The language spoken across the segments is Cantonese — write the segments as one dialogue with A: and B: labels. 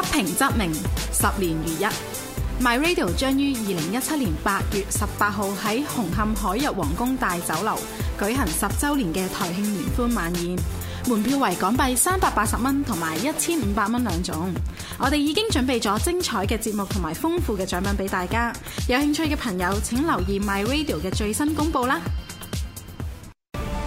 A: 不平則鳴，十年如一。My Radio 將於二零一七年八月十八號喺紅磡海逸皇宮大酒樓舉行十周年嘅台慶聯歡晚宴，門票為港幣三百八十蚊同埋一千五百蚊兩種。我哋已經準備咗精彩嘅節目同埋豐富嘅獎品俾大家，有興趣嘅朋友請留意 My Radio 嘅最新公布啦！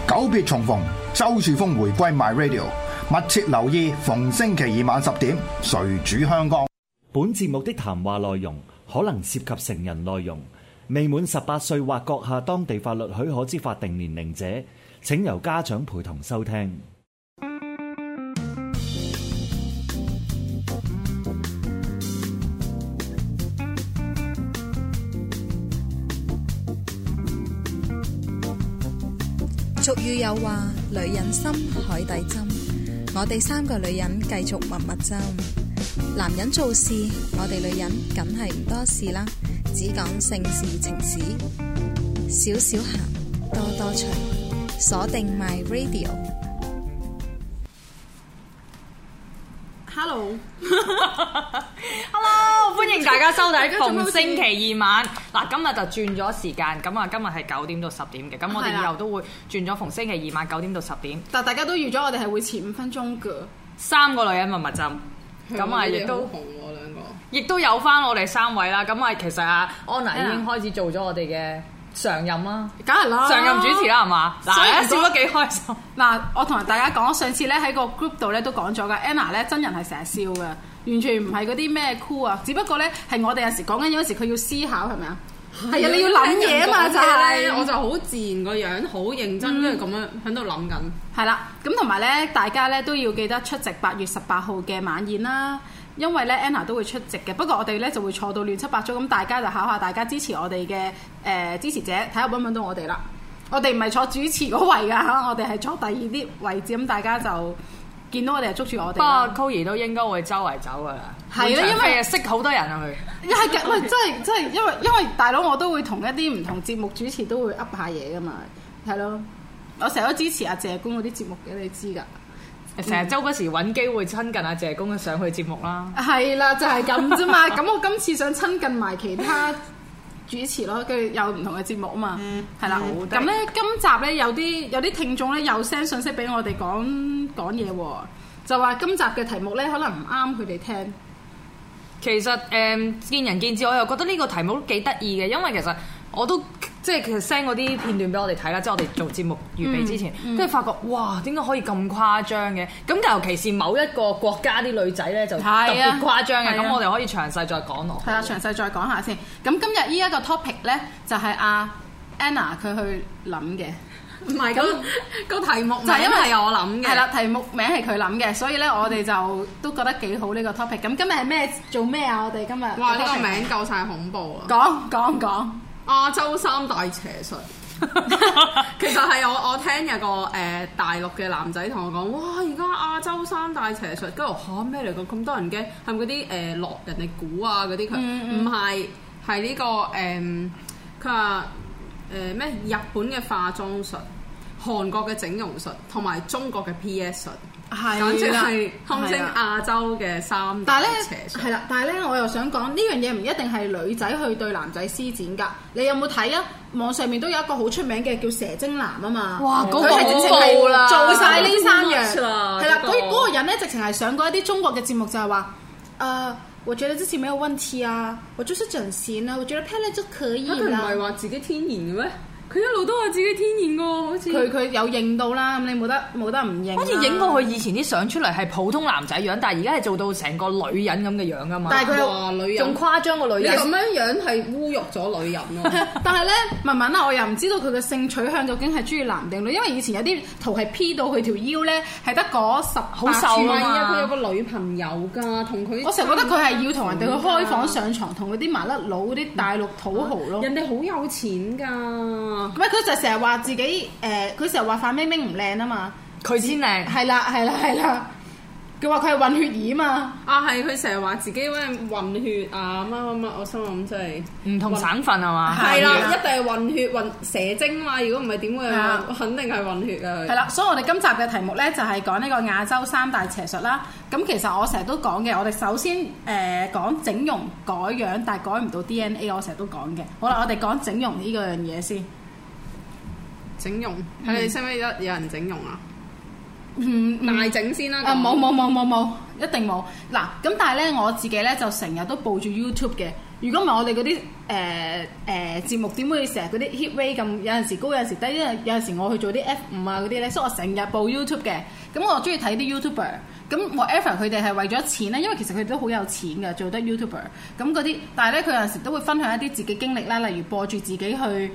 B: 久別重逢，周樹峰回歸 My Radio。密切留意，逢星期二晚十點，誰主香港？本節目的談話內容可能涉及成人內容，未滿十八歲或閣下當地法律許可之法定年齡者，請由家長陪同收聽。
A: 俗語有話：女人心，海底針。我哋三個女人繼續蜜蜜針，男人做事，我哋女人梗係唔多事啦，只講性事情事，少少鹹，多多趣，鎖定 My Radio。Hello。
B: 歡迎大家收睇逢星期二晚嗱，今日就轉咗時間，咁啊今日係九點到十點嘅，咁我哋以後都會轉咗逢星期二晚九點到十點。
A: 但大家都預咗我哋係會遲五分鐘㗎。
B: 三個女人密密針，咁啊亦都亦都有翻我哋三位啦。咁啊其實啊安娜已經開始做咗我哋嘅常任啦，梗係啦，常任主持啦，係嘛？嗱，笑得
A: 幾開心。嗱，我同大家講，上次咧喺個 group 度咧都講咗㗎，Anna 咧真人係成日笑嘅。完全唔係嗰啲咩 cool 啊，只不過呢，係我哋有時講緊，有時佢要思考係咪啊？係啊，你要諗嘢嘛，就係、是、我就
C: 好自然個樣，好認真都係咁樣喺度諗緊。
A: 係啦、嗯，咁同埋呢，大家呢都要記得出席八月十八號嘅晚宴啦，因為呢 Anna 都會出席嘅。不過我哋呢就會坐到亂七八糟，咁大家就考下大家支持我哋嘅誒支持者，睇下揾唔揾到我哋啦。我哋唔係坐主持嗰位噶，我哋係坐第二啲位置，咁大家就。見到我哋就捉住我哋啦，不過 Koey 都
B: 應該會周圍走噶啦，係啦，因為識好多人啊佢。
A: 一真係真係，因為因為大佬我都會一同一啲唔同節目主持都會噏下嘢噶嘛，係咯，我成日都支持阿謝公嗰啲節目嘅，你知噶。
B: 成日周不時揾機會親近阿謝公上去節目啦。
A: 係啦，就係咁啫嘛。咁 我今次想親近埋其他。 主持咯，跟住有唔同嘅節目啊嘛，係啦。咁咧今集咧有啲有啲聽眾咧又 send 信息俾我哋講講嘢喎，就話今集嘅題目咧
B: 可能唔啱佢哋聽。其實誒、嗯、見仁見智，我又覺得呢個題目都幾得意嘅，因為其實。我都即係其實 send 我啲片段俾我哋睇啦，即係我哋做節目預備之前，即係、嗯嗯、發覺哇，點解可以咁誇張嘅？咁尤其是某一個國家啲女仔咧，就特別誇張嘅。咁、啊、我哋可以詳細再講落。係啊，吧詳細再講下先。咁今
A: 日依一個 topic 咧，就係阿 Anna 佢去諗嘅，唔係
C: 咁，個題目就係、是啊 就是、因為係我諗嘅。係啦，
A: 題目名係佢諗嘅，所以咧我哋就、嗯、就都覺得幾好呢個 topic。咁今日係咩做咩啊？我哋今日哇，呢、這個名夠晒恐怖啊！講
C: 講講。亞洲三大邪術，其實係我我聽有個誒大陸嘅男仔同我講，哇、啊！而家亞洲三大邪術，跟住嚇咩嚟㗎？咁多人驚係咪嗰啲誒落人哋估啊嗰啲？佢唔係係呢個誒，佢話誒咩？日本嘅化妝術、韓國嘅整容術同埋中國嘅 PS 術。
B: 係啦，堪稱亞
C: 洲嘅三大，但係咧係啦，
A: 但係咧我又想講呢樣嘢唔一定係女仔去對男仔施展噶你有冇睇啊？網上面都有一個好出名嘅叫蛇精男啊嘛，哇，佢係、嗯、那個 直情係做晒呢三樣，係啦。嗰的、那個、個人咧直情係上過一啲中國嘅節目，就係、是、話，誒、呃，我覺得之前冇有問題啊，我就是整形啊，我覺得漂亮就可以啦。佢唔係話自己天然嘅咩？佢一路都係自己天然喎，好似佢佢有認到啦，咁你冇得冇得唔認，好似影過佢以前
B: 啲相出嚟係普通男仔樣，但係而家係做到成個女人咁嘅樣啊嘛！但佢哇，女人仲誇
A: 張過女人，咁樣
C: 樣係侮辱咗女人咯、啊！
A: 但係咧，雯雯啊，我又唔知道佢嘅性取向究竟係中意男定女，因為以前有啲圖係 P 到佢條腰咧係得嗰十好瘦啊嘛！佢有個女朋友㗎，同佢，我成日覺得佢係要同人哋去開房上床，同嗰啲麻甩佬啲大陸土豪咯，人哋好有錢㗎。咩？佢、哦、就成日話自己，誒、呃，佢成日話范冰冰唔靚啊嘛，佢先靚，係啦係啦係啦，佢話佢係混血兒啊
C: 嘛，啊係，佢成日話自己咩混血啊乜乜乜，我心諗真係唔
B: 同省份係嘛，係啦了，一
C: 定係混血混蛇精嘛，如果唔係點會，的肯定係
A: 混血啊。係啦，所以我哋今集嘅題目咧就係講呢個亞洲三大邪術啦。咁其實我成日都講嘅，我哋首先誒講、呃、整容改樣，但係改唔到 DNA，我成日都講嘅。好啦，我哋講整容呢個樣嘢先。
C: 整容？你識唔識有有人整容啊？唔、
A: 嗯、唔、嗯、整先啦。那個、啊，冇冇冇冇冇，一定冇。嗱，咁但係咧，我自己咧就成日都播住 YouTube 嘅。如果唔係我哋嗰啲誒誒節目點會成日嗰啲 hit rate 咁？有陣時高，有陣時低。因為有陣時我去做啲 F 五啊嗰啲咧，所以我成日播 YouTube 嘅。咁我中意睇啲 YouTuber。咁 whatever 佢哋係為咗錢咧，因為其實佢哋都好有錢噶，做得 YouTuber。咁嗰啲，但係咧佢有陣時都會分享一啲自己經歷啦，例如播住自己去。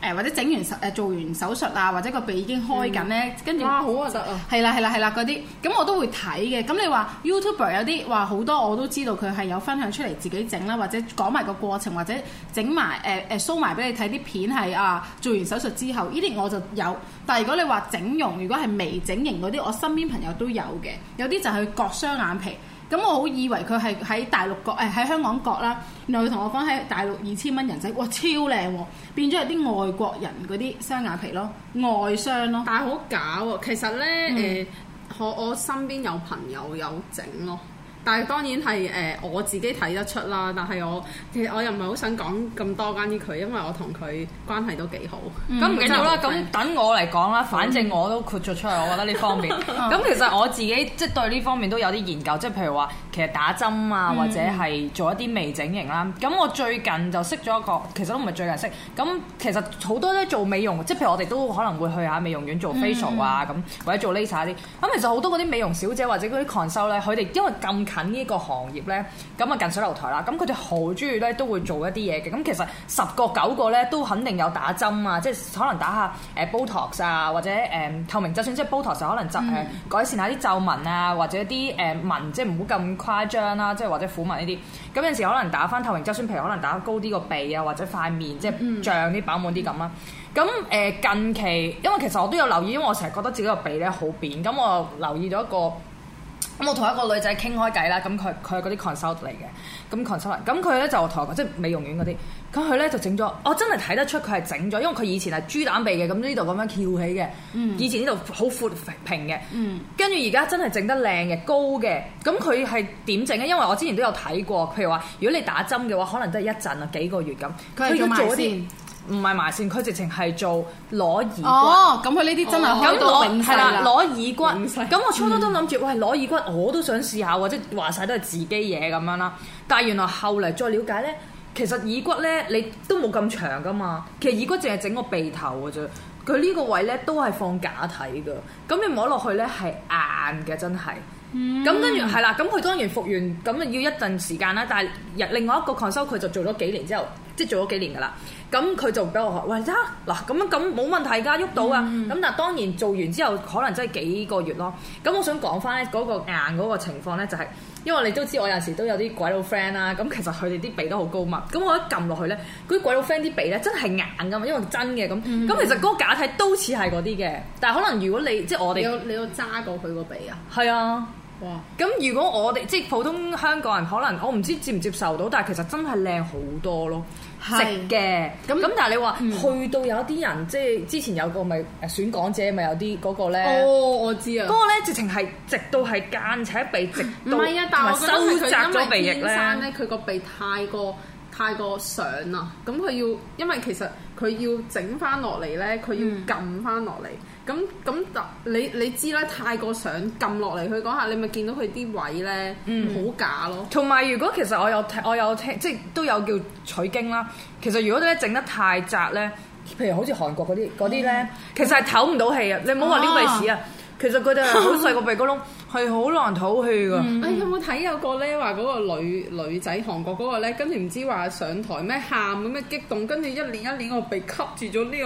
A: 誒或者整完手，誒做完手術啊，或者個鼻已經開緊咧，跟住好啊，實啊，係啦係啦係啦嗰啲，咁、啊啊、我都會睇嘅。咁你話 YouTube 有啲話好多我都知道佢係有分享出嚟自己整啦，或者講埋個過程，或者整埋誒誒 show 埋俾你睇啲片係啊做完手術之後，呢啲我就有。但係如果你話整容，如果係微整形嗰啲，我身邊朋友都有嘅，有啲就去割雙眼皮。咁我好以為佢係喺大陸割，誒、哎、喺香港割啦。然後佢同我講喺大陸二千蚊人仔，哇超靚喎，變咗係啲外國人嗰啲雙眼皮咯，外雙咯，
C: 但係好假喎、哦。其實咧，誒、呃，嗯、我我身邊有朋友有整咯、哦。但係當然係誒、呃，我自己睇得出啦。但係我其實我又唔係好想講
B: 咁多關於佢，因為我同佢關係都幾好。咁唔緊要啦，咁、嗯、等我嚟講啦。反正我都豁咗出嚟，我覺得呢方面。咁、嗯、其實我自己即係對呢方面都有啲研究，即係 譬如話其實打針啊，或者係做一啲微整形啦。咁、嗯、我最近就識咗一個，其實都唔係最近識。咁其實好多咧做美容，即係譬如我哋都可能會去下美容院做 facial 啊，咁、嗯、或者做 laser 啲。咁其實好多嗰啲美容小姐或者嗰啲 con 收咧，佢哋因為咁近呢個行業咧，咁啊近水樓台啦，咁佢哋好中意咧，都會做一啲嘢嘅。咁其實十個九個咧，都肯定有打針啊，即係可能打下誒 Botox 啊，或者誒透明質酸，即係 Botox 可能就誒改善下啲皺紋啊，或者啲誒紋，即係唔好咁誇張啦，即係或者虎紋呢啲。咁有時可能打翻透明質酸，譬如可能打高啲個鼻啊，或者塊面，嗯、即係脹啲飽滿啲咁啊。咁誒、嗯、近期，因為其實我都有留意，因為我成日覺得自己個鼻咧好扁，咁我留意咗一個。咁我同一個女仔傾開偈啦，咁佢佢係嗰啲 consult 嚟嘅，咁 consult 啦，咁佢咧就同我講，即係美容院嗰啲，咁佢咧就整咗，我真係睇得出佢係整咗，因為佢以前係豬膽鼻嘅，咁呢度咁樣翹起嘅，嗯、以前呢度好闊平嘅，跟住而家真係整得靚嘅，高嘅，咁佢係點整咧？因為我之前都有睇過，譬如話如果你打針嘅話，可能都係一陣啊，幾個月咁，佢係咁做唔係埋線，佢直情係做攞耳骨。哦，咁佢呢啲真係開到係啦，攞裸耳骨。咁世我初初都諗住，喂、嗯，攞耳骨我都想試下，或者話晒都係自己嘢咁樣啦。但係原來後嚟再了解咧，其實耳骨咧你都冇咁長噶嘛。其實耳骨淨係整個鼻頭嘅啫，佢呢個位咧都係放假體嘅。咁你摸落去咧係硬嘅，真係。咁、嗯、跟住係啦，咁佢當然復原，咁啊要一陣時間啦。但係另外一個抗修，佢就做咗幾年之後，即係做咗幾年噶啦。咁佢就俾我學，喂，得嗱，咁樣咁冇問題㗎，喐到啊！咁、嗯、但當然做完之後，可能真係幾個月咯。咁我想講翻咧，嗰個硬嗰個情況咧、就是，就係因為你都知，我有陣時都有啲鬼佬 friend 啦。咁其實佢哋啲鼻都好高嘛，咁我一撳落去咧，嗰啲鬼佬 friend 啲鼻咧真係硬㗎嘛，因為真嘅咁。咁、嗯、其實嗰個假體都似係嗰啲嘅，但係可能如果你即係我哋，你有
C: 你有揸過佢個鼻啊？
B: 係啊！哇！咁如果我哋即係普通香港人，可能我唔知接唔接受到，但係其實真係靚好多咯。直嘅，咁咁但係你話、嗯、去到有啲人，即係之前有個咪選港姐，咪有啲嗰個咧？哦，我知啊，直直、嗯、啊。嗰個咧直情係直到係間尺鼻，直到同我收窄咗鼻翼咧。佢
C: 個鼻太過太過上啦，咁佢要，因為其實佢要整翻落嚟咧，佢要撳翻落嚟。嗯咁咁，你你知啦，太過想撳落嚟，佢講下你，你咪見到佢啲位咧，
B: 好假咯。同埋如果其實我有聽，我有聽，即係都有叫取經啦。其實如果你咧整得太窄咧，譬如好似韓國嗰啲嗰啲咧，嗯、其實係唞唔到氣啊！你唔好話呢鼻屎啊。其實佢哋係好細個鼻哥窿，係好 難吐氣㗎。嗯嗯、哎，有
C: 冇睇有個咧話嗰個女女仔韓國嗰個咧，跟住唔知話上台咩喊咁嘅激動，跟住一年一年個鼻吸住咗、這個，呢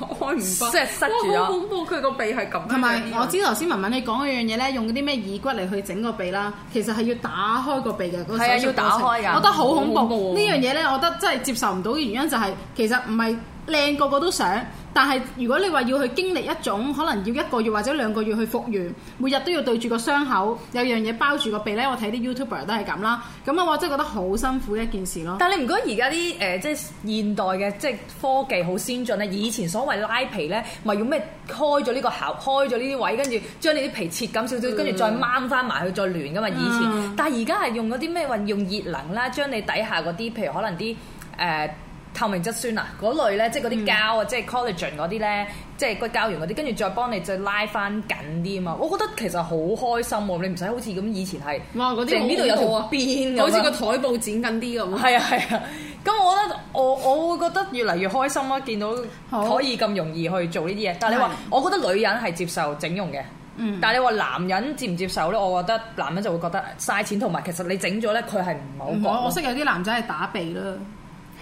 C: 個開唔返哇塞住啊！好恐怖，佢個鼻係咁。同埋我知
A: 頭先雯雯你講嗰樣嘢咧，用嗰啲咩耳骨嚟去整個鼻啦，其實係要打開鼻、嗰個鼻嘅。係要打開㗎，我覺得好恐怖。呢、啊、樣嘢咧，我覺得真係接受唔到嘅原因就係、是、其實唔係。靚個個都想，但係如果你話要去經歷一種可能要一個月或者兩個月去復原，每日都要對住個傷口，有樣嘢包住個鼻呢，我睇
B: 啲 YouTuber 都係咁啦。咁啊，我真係覺得好辛苦一件事咯。但係你唔覺得而家啲誒即係現代嘅即係科技好先進咧？以前所謂拉皮呢，咪用咩開咗呢、呢個喉，開咗呢啲位，跟住將你啲皮切咁少少，跟住、嗯、再掹翻埋去再亂噶嘛？以前，嗯、但係而家係用嗰啲咩運用熱能啦，將你底下嗰啲譬如可能啲誒。呃透明質酸啊，嗰類咧，即係嗰啲膠啊、嗯，即係 collagen 嗰啲咧，即係個膠原嗰啲，跟住再幫你再拉翻緊啲啊嘛！我覺得其實好開心喎、啊，你唔使好似咁以前係，成呢度有條邊好的，好似個台布剪緊啲咁。係啊係啊，咁我覺得、 啊啊、我覺得我會覺得越嚟越開心啊！見到可以咁容易去做呢啲嘢，但係你話，是我覺得女人係接受整容嘅，嗯、但係你話男人接唔接受咧？我覺得男人就會覺得嘥錢，同埋其實你整咗咧，佢係唔好覺我？我識有啲男仔係打鼻啦。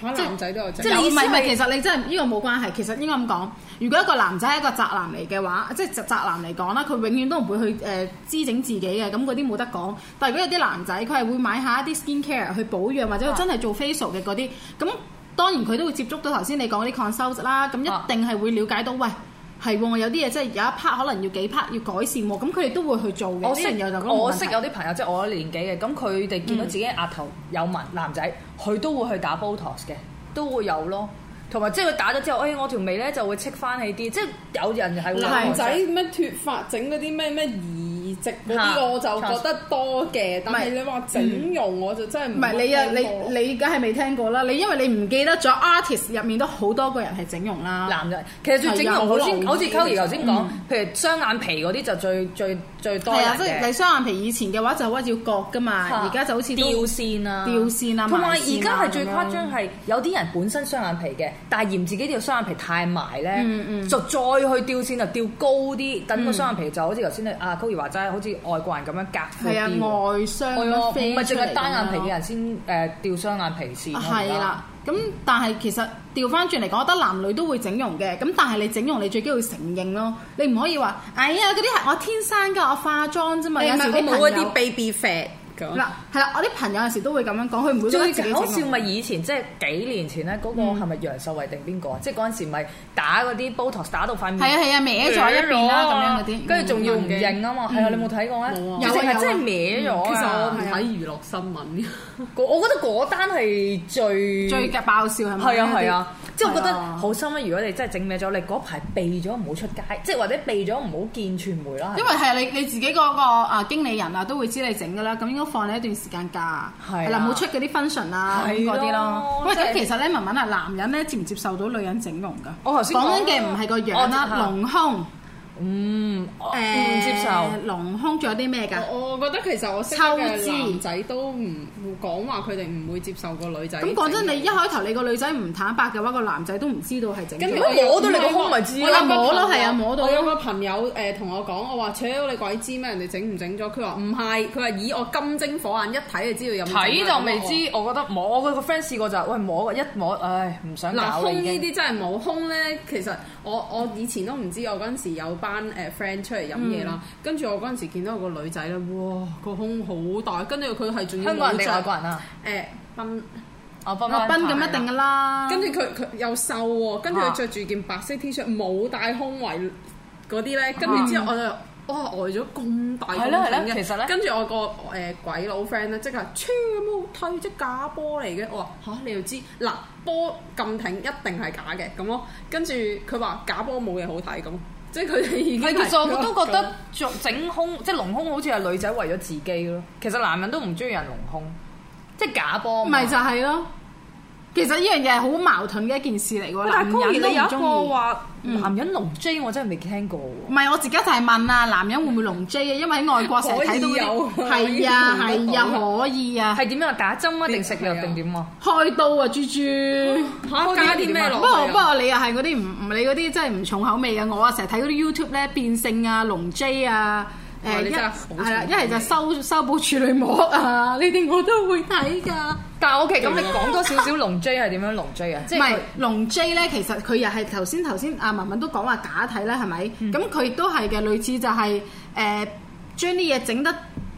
B: 即
A: 係男仔都係，即係唔係唔係？其實你真係呢個冇關係。其實應該咁講，如果一個男仔係一個宅男嚟嘅話，即係宅宅男嚟講啦，佢永遠都唔會去誒滋、呃、整自己嘅，咁嗰啲冇得講。但係如果有啲男仔，佢係會買下一啲 skin care 去保養，或者係真係做 facial 嘅嗰啲，咁、啊、當然佢都會接觸到頭先你講嗰啲 consult 啦，咁一定係會了解到、啊、喂。係喎，有啲嘢即係有
B: 一 part 可能要幾 part 要改善喎，咁佢哋都會去做嘅。我，識有，我識有就咁，我識有啲朋友即係、就是、我一年紀嘅，咁佢哋見到自己額頭有紋，男仔佢都會去打 Botox 嘅，都會有咯。同埋即係佢打咗之後，哎，我條眉咧就會戚翻起啲。即係有人係男仔
C: 咩脫髮整嗰啲咩咩耳。直植嗰啲我就覺得多嘅，但係你話整容我就真係唔係你啊你你梗係未聽過啦，你因為你唔記得咗
A: artist 入面都好多個人係整容啦，男嘅其實最整容好似溝兒頭先講，
B: 譬如雙眼皮嗰啲就最最最多人嘅，係啊，即係你
A: 雙眼皮以前嘅話就屈住割㗎嘛，而家就好似吊線啊吊線啊，同埋而家係最誇張
B: 係有啲人本身雙眼皮嘅，但係嫌自己條雙眼皮太埋咧，就再去吊線就吊高啲，等個雙眼皮就好似頭先阿溝兒話。好似外國人咁樣夾嗰啊，外雙咁飛出嚟淨係單眼皮嘅人先誒、啊呃、掉雙眼皮線、啊。係啦、啊，咁、嗯、但係
A: 其實調翻轉嚟講，我覺得男女都會整容嘅。咁但係你整容你，你最緊要承認咯。你唔可以話，哎呀嗰啲係我天生㗎，我化妝啫嘛。欸、有時佢冇嗰啲
B: baby fat。嗱
A: 係啦，我啲朋友有時都會咁樣講，佢唔個都自己整。最搞笑
B: 咪以前即係幾年前咧，嗰個係咪楊秀惠定邊個啊？即係嗰陣時咪打嗰啲 Botox，打到塊面。係啊係啊，歪咗一邊啦咁樣嗰啲，跟住仲要唔認啊嘛。係啊，你冇睇過咩？冇啊！又係真係歪咗。其實我唔睇娛樂新聞。我覺得嗰單係最最爆笑係咪啊？係啊係啊！即係我覺得好心。如果你真係整歪咗，你嗰排避咗唔好出街，即係或者避咗唔好見傳媒啦。因為係
A: 你你自己嗰個啊經理人啊都會知你整㗎啦。咁應該。放你一段時間假，係喇，冇出嗰啲 function 啊，嗰啲咯。喂、啊，咁、就是、其實咧，雯雯啊，男人咧，接唔接受到女人整容㗎？我頭先講緊嘅唔係個樣啦，隆、哦、胸。
C: 嗯，唔接受，隆胸仲有啲咩㗎？我覺得其實我識嘅男仔都唔講話，佢哋唔會接受個女仔。咁講真，你一
A: 開頭你個女仔唔坦白嘅話，個
C: 男仔都唔知道係整。如果摸到你個胸咪知咯。我有摸咯，係啊，摸到。我有個朋友誒同我講，我話，切，你鬼知咩？人哋整唔整咗？佢話唔係，佢話以我金睛火眼一睇就知道有。睇就未知，我覺得摸個個 friend 試過就係喂，摸一摸，唉，唔
B: 想嗱，胸呢啲
C: 真係冇胸咧，其實我我以前都唔知，我嗰陣時有班誒 friend 出嚟飲嘢啦，跟住我嗰陣時見到個女仔咧，哇個胸好大，跟住佢係仲要香港人定外國人啊？誒，賓我賓咁一定噶啦。跟住佢佢又瘦喎，跟住佢着住件白色 T 恤，冇戴胸圍嗰啲咧。跟住之後我就，哇呆咗咁大個樣嘅。跟住我個誒鬼佬 friend 咧，即刻超冇退，即假波嚟嘅。我話嚇，你又知嗱波咁挺一定係假嘅咁咯。跟住佢話假波冇嘢好睇咁。即係佢哋已經，其實我都覺得
B: 做，做整胸，即係隆胸，好似係女仔為咗自己咯。其實男人都唔中意人隆胸，即係假波，唔係就係咯。其實呢樣嘢係好矛盾嘅一件事嚟喎，男人都有個話，男人龍 J 我真係未聽過。唔係、
A: 嗯、我自己就係問啊，男人會唔會龍 J 啊？因為喺外國成日睇到有。係啊係啊，可
B: 以啊。係點樣打針啊？定食藥定點啊？
A: 開刀啊！豬豬加啲咩落去？不過、啊、不過你又係嗰啲唔唔理嗰啲真係唔重口味嘅，我啊成日睇嗰啲 YouTube 咧，變性啊龍 J 啊。誒，係啦哇，一係、欸、就修修補處女膜啊，呢啲我都會睇噶。但 OK，咁你講多少少龍 J 係點樣龍 J 啊？唔係 是龍 J 咧，其實佢又係頭先頭先阿文文都講話假體啦，係咪？咁佢都係嘅，類似就係誒將啲嘢整得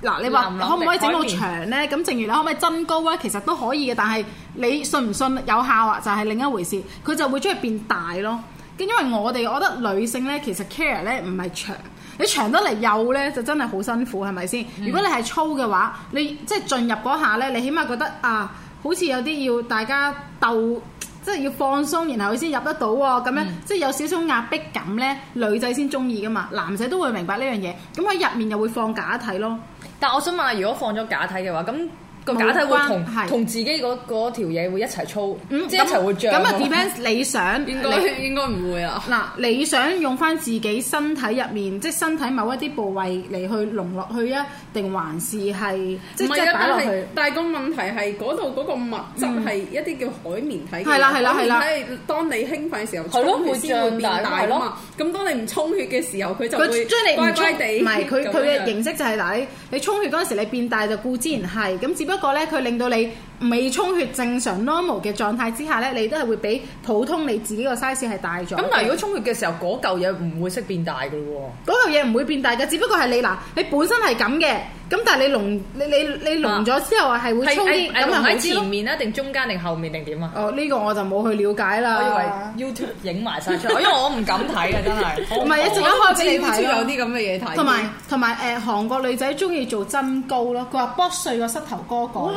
A: 嗱，軟軟你話可唔可以整到長咧？咁正如你可唔可以增高咧？其實都可以嘅，但係你信唔信有效啊？就係、是、另一回事。佢就會將佢變大咯。咁因為我哋，我覺得女性咧，其實 care 咧唔係長。你長得嚟幼咧，就真係好辛苦，係咪先？嗯、如果你係粗嘅話，你即係進入嗰下咧，你起碼覺得啊，好似有啲要大家鬥，即係要放鬆，然後先入得到喎，咁樣、嗯、即係有少少壓迫感咧，女仔先鍾意㗎嘛，
B: 男仔都會明白呢樣嘢。咁喺入面又會放假體咯。但係我想問下，如果放咗假體嘅話，咁？個假體會同自己嗰條嘢會一齊粗，即係一
C: 齊會
A: 脹。咁啊，depends 理想，應該
C: 應該唔會啊。嗱，
A: 你想用翻自己身體入面，即係身體某一啲部位嚟去隆落去啊？定還是係即係打落去？
C: 但係個問題係，嗰度嗰個物質係一啲叫海綿體。係啦係啦係啦。當你興奮嘅時候，係咯會變大咯。咁當你唔充血嘅時候，佢就將你乖乖地。唔係佢佢嘅形
A: 式就係嗱，你你充血嗰陣時你變大就固之然係，咁不過咧，佢令到你。未充血正常 normal 嘅狀態之下咧，你都係會比普通你自己個 size 係大咗。咁但係如果充血嘅時候，嗰嚿嘢唔會識變大嘅喎。嗰嚿嘢唔會變大嘅，只不過係你嗱，你本身係咁嘅，咁但係你隆你你你隆咗之後啊，係會充啲咁係喺前
B: 面啊，定中間定後面定點啊？哦，呢個我就冇去了解啦。我以為 YouTube 影埋曬出嚟，因為我唔敢睇啊，真係。唔係一陣間開始睇，YouTube 有啲咁嘅嘢睇。同埋
A: 同埋誒韓國女仔中意做增高咯，佢話剝碎個
B: 膝頭哥講。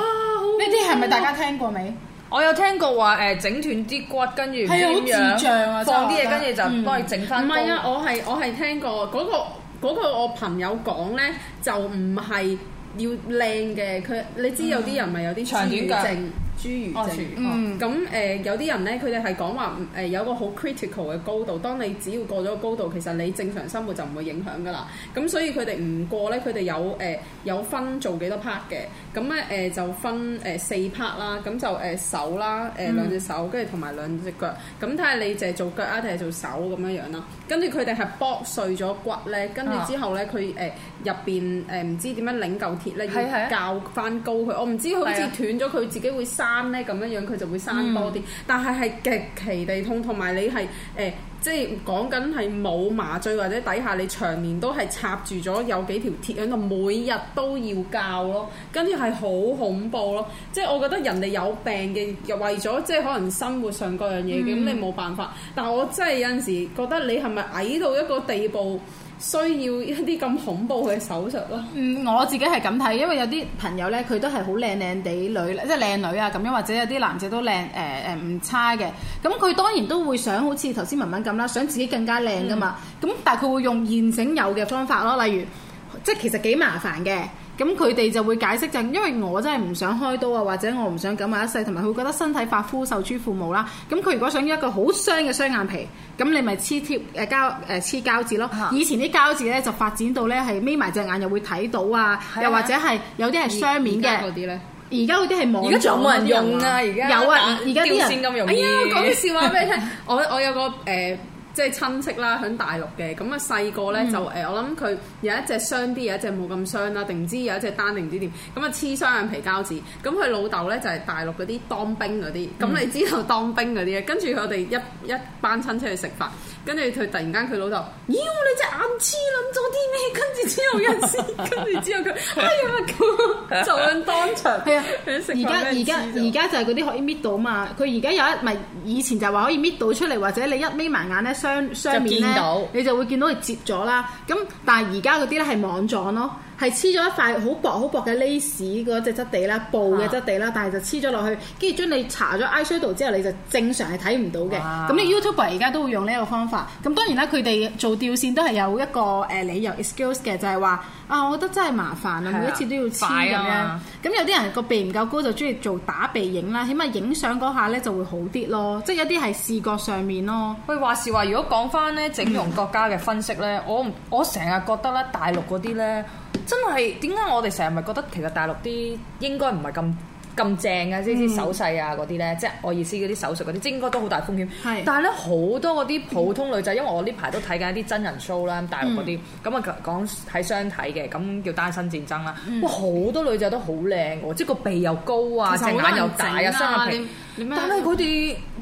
B: 呢啲係。係咪大家聽過未？我有聽過話誒，整、呃、斷啲骨，跟住好點樣放啲嘢，跟住、啊、就幫佢整翻。唔係、嗯、啊，我係我係
C: 聽過嗰、嗰個嗰個我朋友講咧，就唔係要靚嘅。佢你知有啲人咪有啲癡癲症。嗯
A: 侏儒症，
C: 咁誒、呃、有啲人咧，佢哋係講話誒有個好 critical 嘅高度，當你只要過咗個高度，其實你正常生活就唔會影響噶啦。咁所以佢哋唔過咧，佢哋有誒、呃、有分做幾多 part 嘅，咁咧誒就分誒四 part 啦，咁、呃、就誒手啦，誒兩隻手，跟住同埋兩隻腳，咁睇下你凈係做腳啊，定係做手咁樣樣啦。跟住佢哋係剝碎咗骨咧，跟住之後咧，佢誒、呃、入邊誒唔知點樣擰嚿鐵咧，要較翻高佢。我唔知好似斷咗佢自己會生。生咧，咁樣樣佢就會生多啲，嗯、但係係極其地痛，同埋你係誒、呃，即係講緊係冇麻醉或者底下你長年都係插住咗有幾條鐵喺度，每日都要教咯，跟住係好恐怖咯，即係我覺得人哋有病嘅，又為咗即係可能生活上嗰樣嘢，嘅。咁你冇辦法。但係我真係有陣時覺得你係咪矮到一個地步？需要一啲咁恐怖嘅手術咯。嗯，我自己係咁睇，因為有啲朋友咧，
A: 佢都係好靚靚地女，即係靚女啊咁樣，或者有啲男仔都靚，誒誒唔差嘅。咁佢當然都會想好似頭先雯雯咁啦，想自己更加靚噶嘛。咁、嗯、但係佢會用現成有嘅方法咯，例如即係其實幾麻煩嘅。咁佢哋就會解釋就係因為我真係唔想開刀啊，或者我唔想咁啊一世，同埋佢會覺得身體髮膚受諸父母啦。咁佢如果想要一個好雙嘅雙眼皮，咁你咪黐貼誒膠誒黐膠紙咯。以前啲膠紙咧就發展到咧係眯埋隻眼又會睇到啊，又或者係有啲係雙面嘅
C: 啲咧。而家嗰啲係冇人用啊，而家有啊，而家啲人線哎呀，講笑話俾你聽， 我我有個誒。呃即係親戚啦，喺大陸嘅咁啊細個呢，嗯、就誒、呃，我諗佢有一隻雙啲，有一隻冇咁雙啦，定唔知有一隻單定唔、嗯嗯嗯、知點咁啊黐雙眼皮膠紙，咁佢老豆呢，就係、是、大陸嗰啲當兵嗰啲，咁你知道當兵嗰啲咧，跟住佢哋一一班親戚去食飯。跟住佢突然間佢老豆，妖！你隻眼黐捻咗啲咩？跟住之後人事， 跟住之後佢，哎呀，就咁，就咁當
A: 場。係 啊，而家而家而家就係嗰啲可以搣到嘛。佢而家有一咪，以前就係話可以搣到出嚟，或者你一眯埋眼咧，雙雙面咧，就到你就會見到佢折咗啦。咁但係而家嗰啲咧係網狀咯。係黐咗一塊好薄好薄嘅 lace 嗰隻質地啦，布嘅質地啦，但係就黐咗落去，跟住將你搽咗 eye shadow 之後，你就正常係睇唔到嘅。咁你哇 YouTuber 而家都會用呢個方法。咁當然啦，佢哋做吊線都係有一個誒理由 excuse 嘅，就係、是、話啊，我覺得真係麻煩啊，每一次都要黐咁樣。咁、啊、有啲人個鼻唔夠高，就中意做打鼻影啦，起碼影相嗰下咧就會好啲咯。即係有啲
B: 係視覺上面咯。喂，話時話，如果講翻咧整容國家嘅分析咧、嗯，我我成日覺得咧大陸嗰啲咧。真係，點解我哋成日咪覺得其實大陸啲應該唔係咁咁正嘅，即啲手勢啊嗰啲咧？即係、嗯、我意思嗰啲手術嗰啲，即應該都好大風險。係是，但係咧好多嗰啲普通女仔，因為我呢排都睇緊一啲真人 show 啦，大陸嗰啲咁啊，講睇相睇嘅，咁叫單身戰爭啦。嗯、哇！好多女仔都好靚喎，即係個鼻又高又啊，隻眼又大啊，雙眼皮。但係佢哋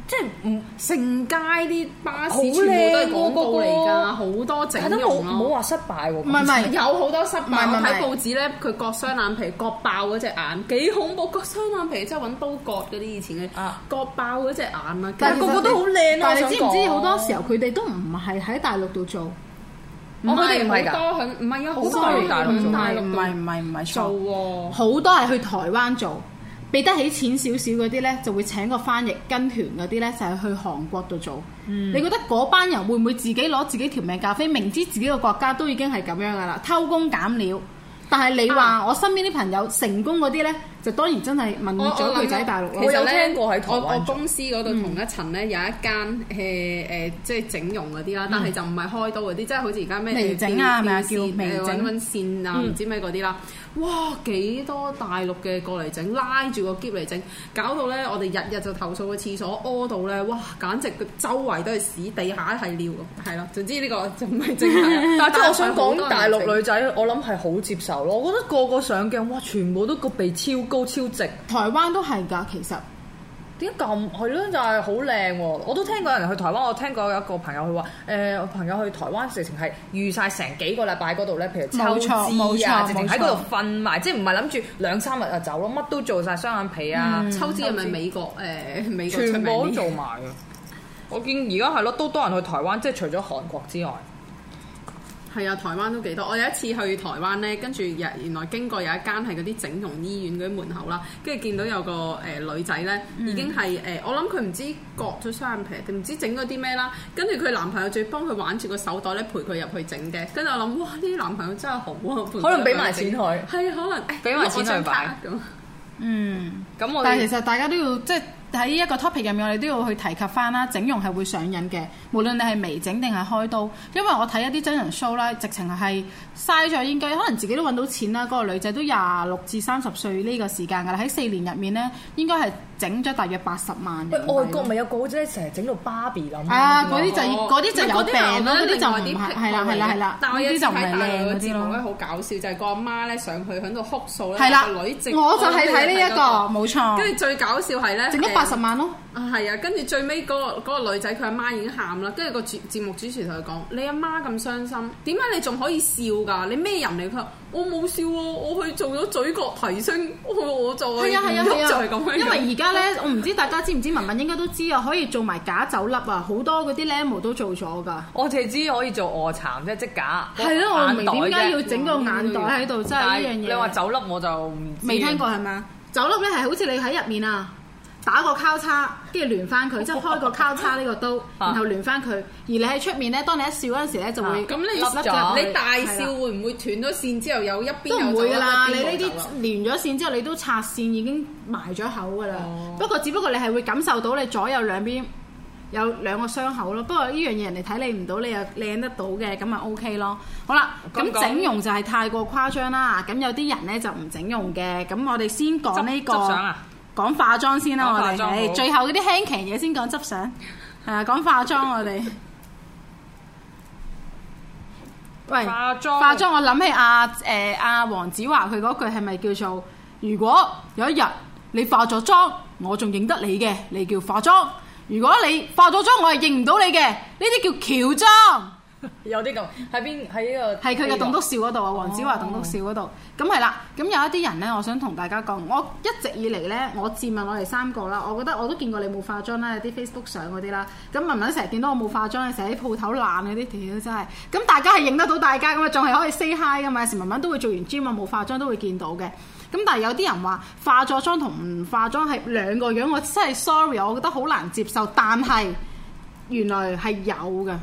B: 即係
C: 唔成街啲巴士全部都係廣告嚟㗎，
B: 好多整容咯。都冇冇話失敗喎。唔係唔係，有好多失敗。睇報紙
C: 咧，佢割雙眼皮，割爆嗰隻眼，幾恐怖！割雙眼皮即係揾刀割嗰啲以前嘅，割爆嗰隻眼啊！但係個個都好靚咯。但係你知唔知好多
A: 時候佢哋都唔係喺大陸度做？我哋唔係㗎，唔
C: 係而家好多喺大陸做。唔係唔係唔係
A: 唔係，做好多係去台灣做。俾得起錢少少嗰啲呢，就會請個翻譯跟團嗰啲呢，就係去韓國度做。嗯、你覺得嗰班人會唔會自己攞自己條命咖啡？明知自己個國家都已經係咁樣噶啦，偷工減料。但係你話我身邊啲朋友成功嗰啲呢。啊就當然真係問咗女仔大陸咯。其實咧，我有聽過我
C: 公司嗰度同一層咧，有一間誒誒，即、呃、係、就是、整容嗰啲啦，但係就唔係開刀嗰啲，嗯、即係好似而家咩微整啊，咩吊眉啊，線啊，唔知咩嗰啲啦。哇，幾多大陸嘅過嚟整，拉住個篋嚟整，搞到咧我哋日日就投訴個廁所屙到咧，哇！簡直個周圍都係屎，地下係尿咁，係咯。總之呢個就唔係整。 但係即係我想講大陸女
B: 仔，我諗係好接受咯。我覺得個個上鏡，哇！全部都個鼻超。高超值，台灣都係㗎，其實點解咁係咯？就係好靚喎，我都聽過有人去台灣。我聽過有一個朋友佢話，誒、呃，我朋友去台灣直情係預晒成幾個禮拜嗰度咧，譬如抽脂啊，直情喺嗰度瞓埋，錯即係唔係諗住兩三日就走咯，乜都做晒，雙眼皮啊，嗯、抽脂係咪美國誒資、呃、美國出名啲？全部都做埋嘅。 我見而家係咯，都多人去台灣，即係除咗韓國之外。
C: 係啊，台灣都幾多。我有一次去台灣咧，跟住原原來經過有一間係嗰啲整容醫院嗰啲門口啦，跟住見到有個誒、呃、女仔咧，已經係誒、呃、我諗佢唔知割咗雙眼皮定唔知整咗啲咩啦。跟住佢男朋友仲要幫佢挽住個手袋咧陪佢入去整嘅。跟住我諗，哇！呢啲男朋友真係好啊，可能俾埋錢佢，係可能俾埋錢佢擺
B: 咁。嗯，咁我但係其
A: 實大家都要即係。就是喺一個 topic 入面，我哋都要去提及翻啦。整容係會上癮嘅，無論你係微整定係開刀。因為我睇一啲真人 show 啦，直情係嘥咗應該，可能自己都揾到錢啦。嗰個女仔都廿六至三十歲呢個時間㗎啦。喺四年入面咧，應該係整咗大約八十萬。外
B: 國咪有個仔成日整到芭比咁。啊！嗰啲就嗰啲就有病，嗰啲就唔係。係啦係啦係啦。但係我有睇大個節目咧，
C: 好搞笑就係個阿媽咧上去響度哭訴咧，個女整我就係睇呢一個，冇錯。跟住最搞笑係咧八十萬咯，係啊，跟住最尾嗰個個女仔，佢阿媽已經喊啦。跟住個節節目主持同佢講：，你阿媽咁傷心，點解你仲可以笑噶？你咩人嚟？佢話我冇笑啊，我去做咗嘴角提升，我我就係、
B: 啊，就係咁樣。因為而家咧，我
A: 唔
C: 知大家知唔知雯雯應該都知啊，可以做埋
A: 假酒粒啊，好多嗰啲僆模都做咗噶。
B: 我淨係知可以做卧蠶啫，即假。係咯、啊，我明點解要整個眼袋喺度，也也真係呢樣嘢。但你話酒粒我就未聽過係
A: 嘛？酒粒咧係好似你喺入面啊。打個交叉，跟住連翻佢，即係開個交叉呢個刀，然後連翻佢。而你喺出面咧，當你一笑嗰陣時咧，就會咁你你大笑
C: 會唔會斷咗
A: 線之後有
C: 一邊都唔會啦？你呢啲
A: 連咗線之後，你都拆線已經埋咗口噶啦。不過只不過你係會感受到你左右兩邊有兩個傷口咯。不過呢樣嘢人哋睇你唔到，你又靚得到嘅，咁咪 OK 咯。好啦，咁整容就係太過誇張啦。咁有啲人咧就唔整容嘅。咁我哋先講呢個。講化妝先啦，我哋，最後嗰啲輕奇嘢先講執相，係 啊，講化妝我哋。喂、啊，化妝，化妝，我諗起阿誒阿黃子華佢嗰句係咪叫做，如果有一日你化咗妝，我仲認得你嘅，你叫化妝；如果你化咗妝，我係認唔到你嘅，呢啲叫喬裝。
B: 有啲咁喺
A: 邊，喺呢個係佢嘅棟篤笑嗰度啊，黃子華棟篤笑嗰度。咁係啦，咁有一啲人咧，我想同大家講，我一直以嚟咧，我自問我哋三個啦，我覺得我都見過你冇化妝啦，有啲 Facebook 相嗰啲啦。咁文文成日見到我冇化妝，成日喺鋪頭爛嗰啲，屌真係。咁大家係認得到大家咁啊，仲係可以 say hi 噶嘛？有時文文都會做完 gym 啊冇化妝都會見到嘅。咁但係有啲人話化咗妝同唔化妝係兩個樣，我真係 sorry，我覺得好難接受。但係原來係有嘅。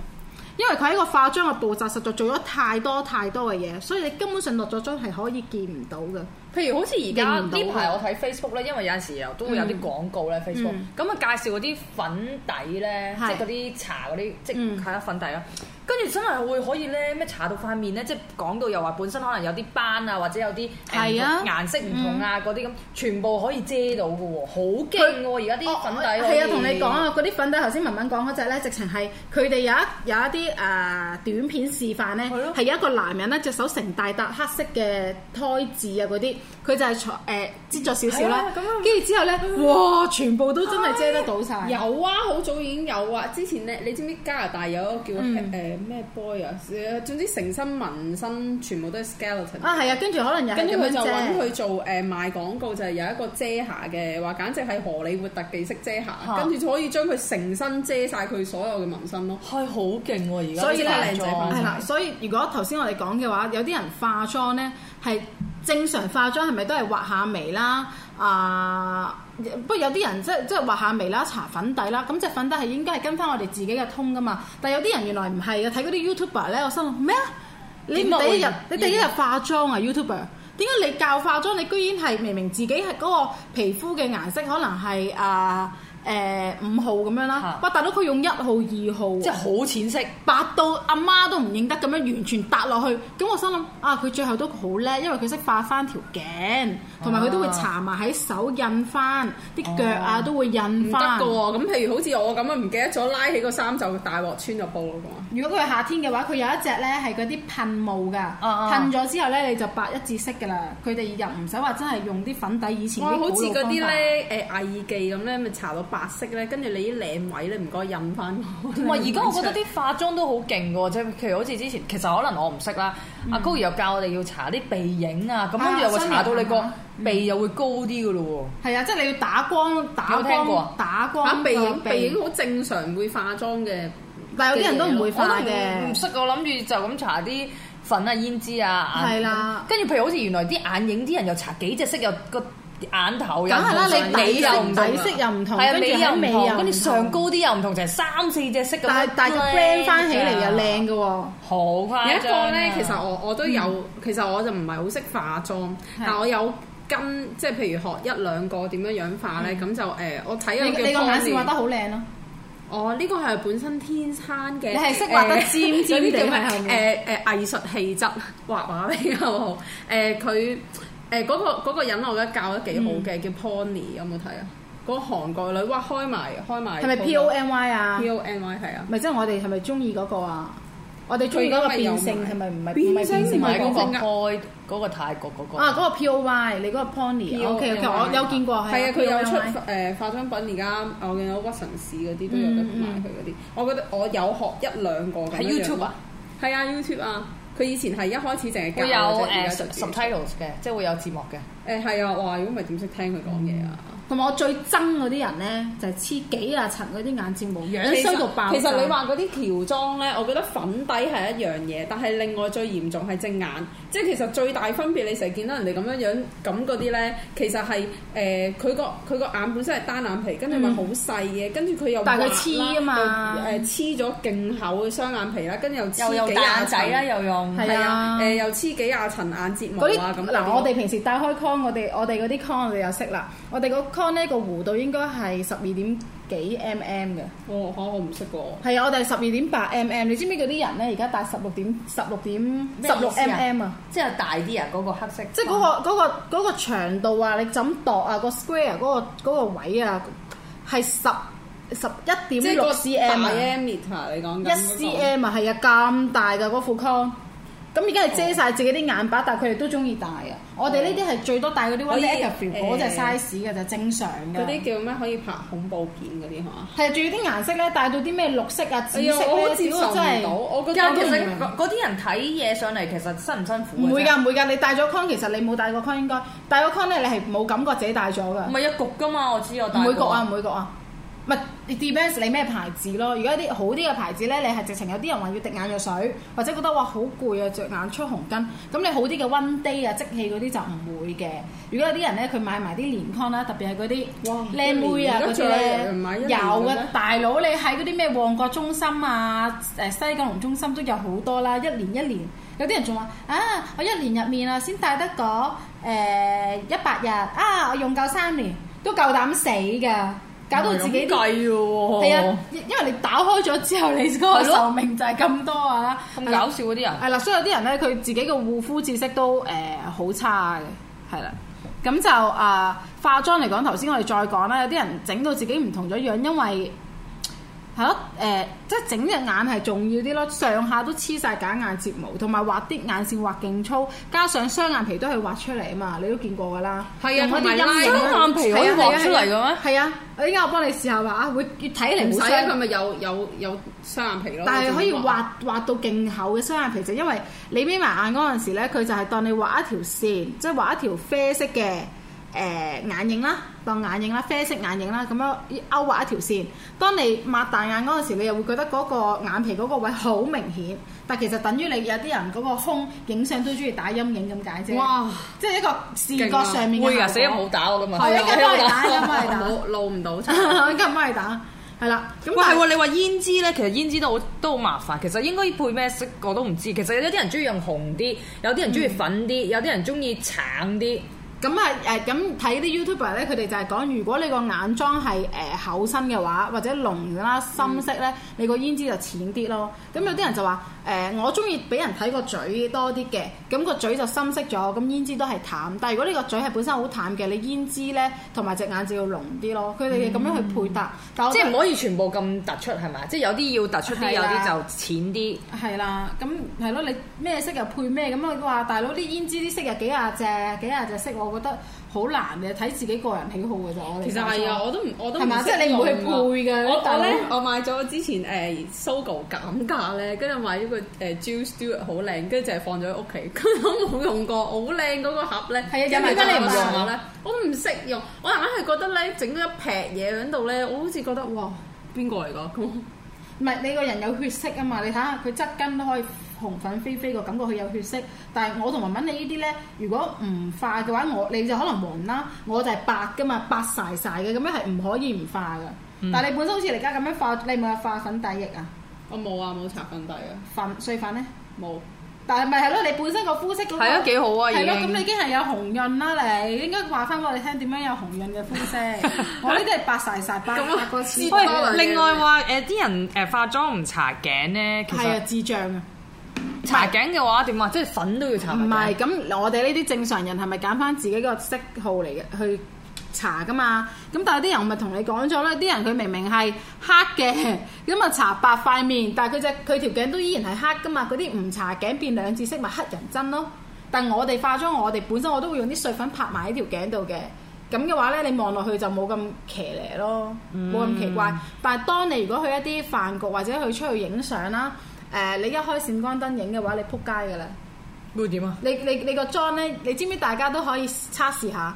A: 因為佢喺個化妝嘅步驟實在做咗太多太多嘅嘢，所以你根本上落咗妝係可以見唔到嘅。譬如好似而家呢排我
B: 睇 Facebook 咧，因為有陣時又都會有啲廣告咧 Facebook，咁啊介紹嗰啲粉底咧，是即係嗰啲搽嗰啲即係粉底咯。嗯跟住真係會可以咧，咩搽到塊面咧？即係講到又話本身可能有啲斑啊，或者有啲、啊嗯、顏色唔同啊，嗰啲咁，全部可以遮到嘅喎，好驚喎！而家啲粉底係、哦哦、啊，同你講啊，
A: 嗰啲粉底頭先文文講嗰隻咧，慢慢直情係佢哋有一有一啲誒、呃、短片示範咧，係、啊、有一個男人咧，隻手成大笪黑色嘅胎痣、就是呃、啊嗰啲，佢就係誒遮咗少少啦。
C: 跟住之後咧，嗯、哇！全部都真係遮得到晒、啊。有啊，好早已經有啊，之前咧，你知唔知加拿大有一個叫誒？嗯咩 boy 啊？誒，總之成身紋身，全部都係 skeleton 啊！係啊，跟住可能有係跟住佢就揾佢做誒、呃、賣廣告，就係有一個遮瑕嘅，話簡直係荷里活特技式遮瑕，跟住、啊、就可以將佢成身遮晒佢所有嘅紋身咯。係好勁喎！而家、啊、所以咧靚仔扮下，所以如果頭先我
A: 哋講嘅話，有啲人化妝咧係正常化妝，是是是，係咪都係畫下眉啦啊？不過有啲人即係即係畫下眉啦，搽粉底啦，咁隻粉底係應該係跟翻我哋自己嘅通㗎嘛。但係有啲人原來唔係嘅，睇嗰啲 YouTuber 咧，我心諗咩啊？你唔第一日來你第一日化妝啊 YouTuber？點解你教化妝，你居然係明明自己係嗰個皮膚嘅顏色可能係啊？呃誒五、欸、號，咁樣啦，白到佢用一號二號，即係好淺色，白到阿媽，媽都唔認得咁樣完全搭落去。咁我心諗啊，佢最後都好叻，因為佢識化翻條頸，同埋佢都會搽埋喺手印翻，啲、啊啊啊啊啊、腳啊都會印翻。唔得嘅，咁譬如好似我咁啊，唔記得咗拉起
C: 個衫袖，大鑊穿咗煲啦。如
A: 果佢係夏天嘅話，佢有一隻咧係嗰啲噴霧㗎，噴咗之後咧你就白一啲色㗎啦。佢哋又唔使話真係用啲粉底，以
B: 前啲好似嗰啲咧
C: 誒艾爾記咁咧，咪搽到白。白色咧，跟住你啲領位咧，唔該
B: 印翻我。唔係，而家我覺得啲化妝都好勁喎，即係譬如好似之前，其實可能我唔識啦。阿高又教我哋要搽啲鼻影啊，咁跟住又會搽到你個鼻又會高啲噶咯喎。係啊，即係你要打光，打光，打光。打鼻影，鼻影好正常會化妝嘅。但係有啲人都唔會化嘅，唔識。我諗住就咁搽啲粉啊、胭脂啊。係啦。跟住譬如好似原來啲眼影，啲人又搽幾隻色又個。眼頭又唔同，底色又唔同，跟住有味。又跟住上高啲又唔同，成三四隻色咁樣咧。但係佢 blend 翻起嚟又靚噶喎，好誇張。有一個咧，其實我我都有，
C: 其實我就唔係好識化妝，但我有跟即係譬如學一兩個點樣樣化咧，咁就誒我睇有你個眼線畫得好靚咯。哦，呢個係本身天生嘅。你係識畫得尖尖哋係咪？誒誒藝術氣質畫畫比較好。誒佢。誒嗰個嗰個人，我覺得教得幾好嘅，叫 Pony，有冇睇啊？嗰個韓國女，哇開埋開埋，係咪 P O N Y 啊
A: ？P
B: O N Y 係啊，
A: 咪即係我哋係咪中意嗰個啊？我哋中意嗰個變性係咪唔係唔係變性買嗰個
B: 開嗰個泰國嗰個啊？嗰
A: 個 P O Y，你嗰個 Pony 啊？O K，其實
C: 我有見過係啊，佢有出誒化妝品，而家我見到屈臣氏嗰啲都有得賣佢嗰啲。我覺得我有學一兩個咁樣。喺
B: YouTube
C: 啊，係啊，YouTube 啊。佢以前係一開始淨係教，有教，即有 subtitles 嘅，即係會有字幕嘅。誒係、哎、啊，哇！如果唔係點識聽佢講嘢啊？嗯同埋我最憎嗰啲人咧，就係、是、黐幾廿層嗰啲眼睫毛，實樣衰到爆炸。其實你話嗰啲喬裝咧，我覺得粉底係一樣嘢，但係另外最嚴重係隻眼，即係其實最大分別，你成日見到人哋咁樣樣咁嗰啲咧，其實係誒佢個佢個眼本身係單眼皮，跟住咪好細嘅，跟住佢又但佢黐啊嘛，誒黐咗勁厚嘅雙眼皮啦，跟住又幾又大眼仔啦，又用係啊誒又黐幾廿層眼睫毛啊咁。嗱、啊、我哋平時戴開 con，我哋我哋嗰啲 con 我哋
A: 又識啦，我哋嗰 con 呢個弧度應該係十二點幾 mm 嘅。哦，嚇我
C: 唔識㗎。係、mm,
A: mm、啊，我哋係十二點八 mm。你知唔知嗰啲人咧而家戴十六點十六點？十六 mm 啊！即係大啲啊，嗰個黑色。即係嗰、嗰個嗰、嗰個嗰、嗰個嗰個嗰個嗰個嗰個長度啊，你怎度啊？Square，嗰個 square 嗰、嗰個位啊，係十十一點六 cm、那
C: 個。一 cm
A: 啊，係啊，咁大㗎嗰副 con。咁而家係遮晒自己啲眼白，但係佢哋都中意戴啊！我哋呢啲係最多戴嗰啲 w i l s i z e 嘅，
C: 就正常嘅。嗰啲叫咩？可以拍恐怖片嗰啲係嘛？係啊，仲要
A: 啲顏色咧，戴到啲咩綠色啊、紫色咧，我真受到。我覺得其實
B: 嗰啲人睇嘢上嚟其實辛唔辛苦？唔
A: 會㗎，唔會㗎！你戴咗框，其實你冇戴過框 o n 應該，戴個 c o 咧你係冇感覺自己戴咗㗎。唔係
B: 一焗㗎嘛！我知我唔會焗啊，唔
A: 會焗啊。唔係你 depends 你咩牌子咯？如果啲好啲嘅牌子咧，你係直情有啲人話要滴眼藥水，或者覺得哇好攰啊，着眼出紅筋。咁你好啲嘅 One Day 啊，即棄嗰啲就唔會嘅。如果有啲人咧，佢買埋啲年康啦，特別係嗰啲靚妹啊嗰啲咧，有啊大佬，你喺嗰啲咩旺角中心啊、誒西九龍中心都有好多啦，一年一年。有啲人仲話啊，ah, 我一年入面啊先戴得嗰一百日啊，ah, 我用夠三年都夠膽死㗎。搞到自己貴
B: 喎，係啊，啊，因
A: 為你打開咗之後，你嗰個壽命就係咁多啊，咁搞笑嗰啲人係啦，所以有啲人咧，佢自己嘅護膚知識都誒好、呃、差嘅，係啦，咁就啊、呃、化妝嚟講，頭先我哋再講啦，有啲人整到自己唔同咗樣，因為。係咯，誒，即係整隻眼係重要啲咯，上下都黐晒假眼睫毛，同埋畫啲眼線畫勁粗，加上雙眼皮都係畫出嚟啊嘛，你都見過㗎啦。係啊，我埋雙眼皮可以畫出嚟嘅咩？係啊，我依家我幫你試下話啊，會睇嚟唔使佢咪有
C: 有有雙眼皮咯。但係可以畫
A: 畫到勁厚嘅雙眼皮，就因為你眯埋眼嗰陣時咧，佢就係當你畫一條線，即係畫一條啡色嘅。誒、呃、眼影啦，當眼影啦，啡色眼影啦，咁樣勾畫一條線。當你擘大眼嗰陣時，你又會覺得嗰個眼皮嗰個位好明顯，但其實等於你有啲人嗰個胸影相都中意打陰影咁解啫。哇！即係一個視覺上面嘅、啊。會噶，死人
B: 好打我都問。係一蚊嚟打，一蚊嚟打。冇 露唔到，一蚊嚟打。係啦。咁係喎，你話胭脂咧，其實胭脂都好都好麻煩。其實應該配咩色，我都唔知。其實有啲人中意用紅啲，有啲人中意粉啲，有啲人中意橙啲。嗯咁啊誒咁睇啲
A: YouTuber 咧，佢哋就係講，如果你個眼妝係誒厚身嘅話，或者濃啦、啊、深色咧，嗯、你個胭脂就淺啲咯。咁有啲人就話。誒，我中意俾人睇個嘴多啲嘅，咁個嘴就深色咗，咁胭脂都係淡。但係如果呢個嘴係本身好淡嘅，你胭脂咧同埋隻眼就要濃啲咯。佢哋要咁樣去配搭，嗯、但即係唔可以全部咁突出係咪？即係有啲
B: 要突出啲，的有啲就淺啲。
A: 係啦，咁係咯，你咩色又配咩咁樣，佢話大佬啲胭脂啲色又幾廿隻，幾廿隻色，我覺得。好難嘅，睇自己
C: 個人喜好嘅咋我嚟講。其實係啊，我都唔，我都唔識用。係嘛？即係你唔會去配㗎。我我咧，我買咗之前誒 Sogo 減價咧，跟住買咗個誒 Jill Stuart 好靚，跟住淨係放咗喺屋企，根本冇用過。好靚嗰個盒咧，入埋嗰個盒咧，我唔識用。我硬係覺得咧，整咗一撇嘢喺度咧，我好似覺得哇，邊個嚟㗎？咁
A: 唔係你個人有血色啊嘛？你睇下佢質根都可以。紅粉飛飛個感覺，佢有血色，但係我同雯雯你呢啲咧，如果唔化嘅話，我你就可能黃啦，我就係白噶嘛，白曬曬嘅，咁樣係唔可以唔化噶。但係你本身好似嚟家咁樣化，你有冇化粉底液啊？我冇啊，冇搽粉底啊。粉碎粉咧？冇。但係咪係咯？你本身個膚色係咯幾好啊？已經。係咯，咁你已經係有紅潤啦。你應該話翻俾我哋聽點樣有紅潤嘅膚色？我呢啲係白曬曬。咁啊，個黐。另外話
B: 誒，啲人誒化妝唔搽頸咧，其實係啊智障啊。搽頸嘅話點啊？即係
A: 粉都要搽。唔係咁，我哋呢啲正常人係咪揀翻自己個色號嚟去搽噶嘛？咁但係啲人咪同你講咗啦，啲人佢明明係黑嘅，咁啊搽白塊面，但係佢只佢條頸都依然係黑噶嘛？嗰啲唔搽頸變兩字色咪黑人真咯。但係我哋化妝，我哋本身我都會用啲碎粉拍埋喺條頸度嘅。咁嘅話咧，你望落去就冇咁騎呢咯，冇咁、嗯、奇怪。但係當你如果去一啲飯局或者去出去影相啦。誒，uh，你一開閃光燈影嘅話，你撲街㗎喇。會點啊？你你你個妝咧，你知唔知大家都可以測試下？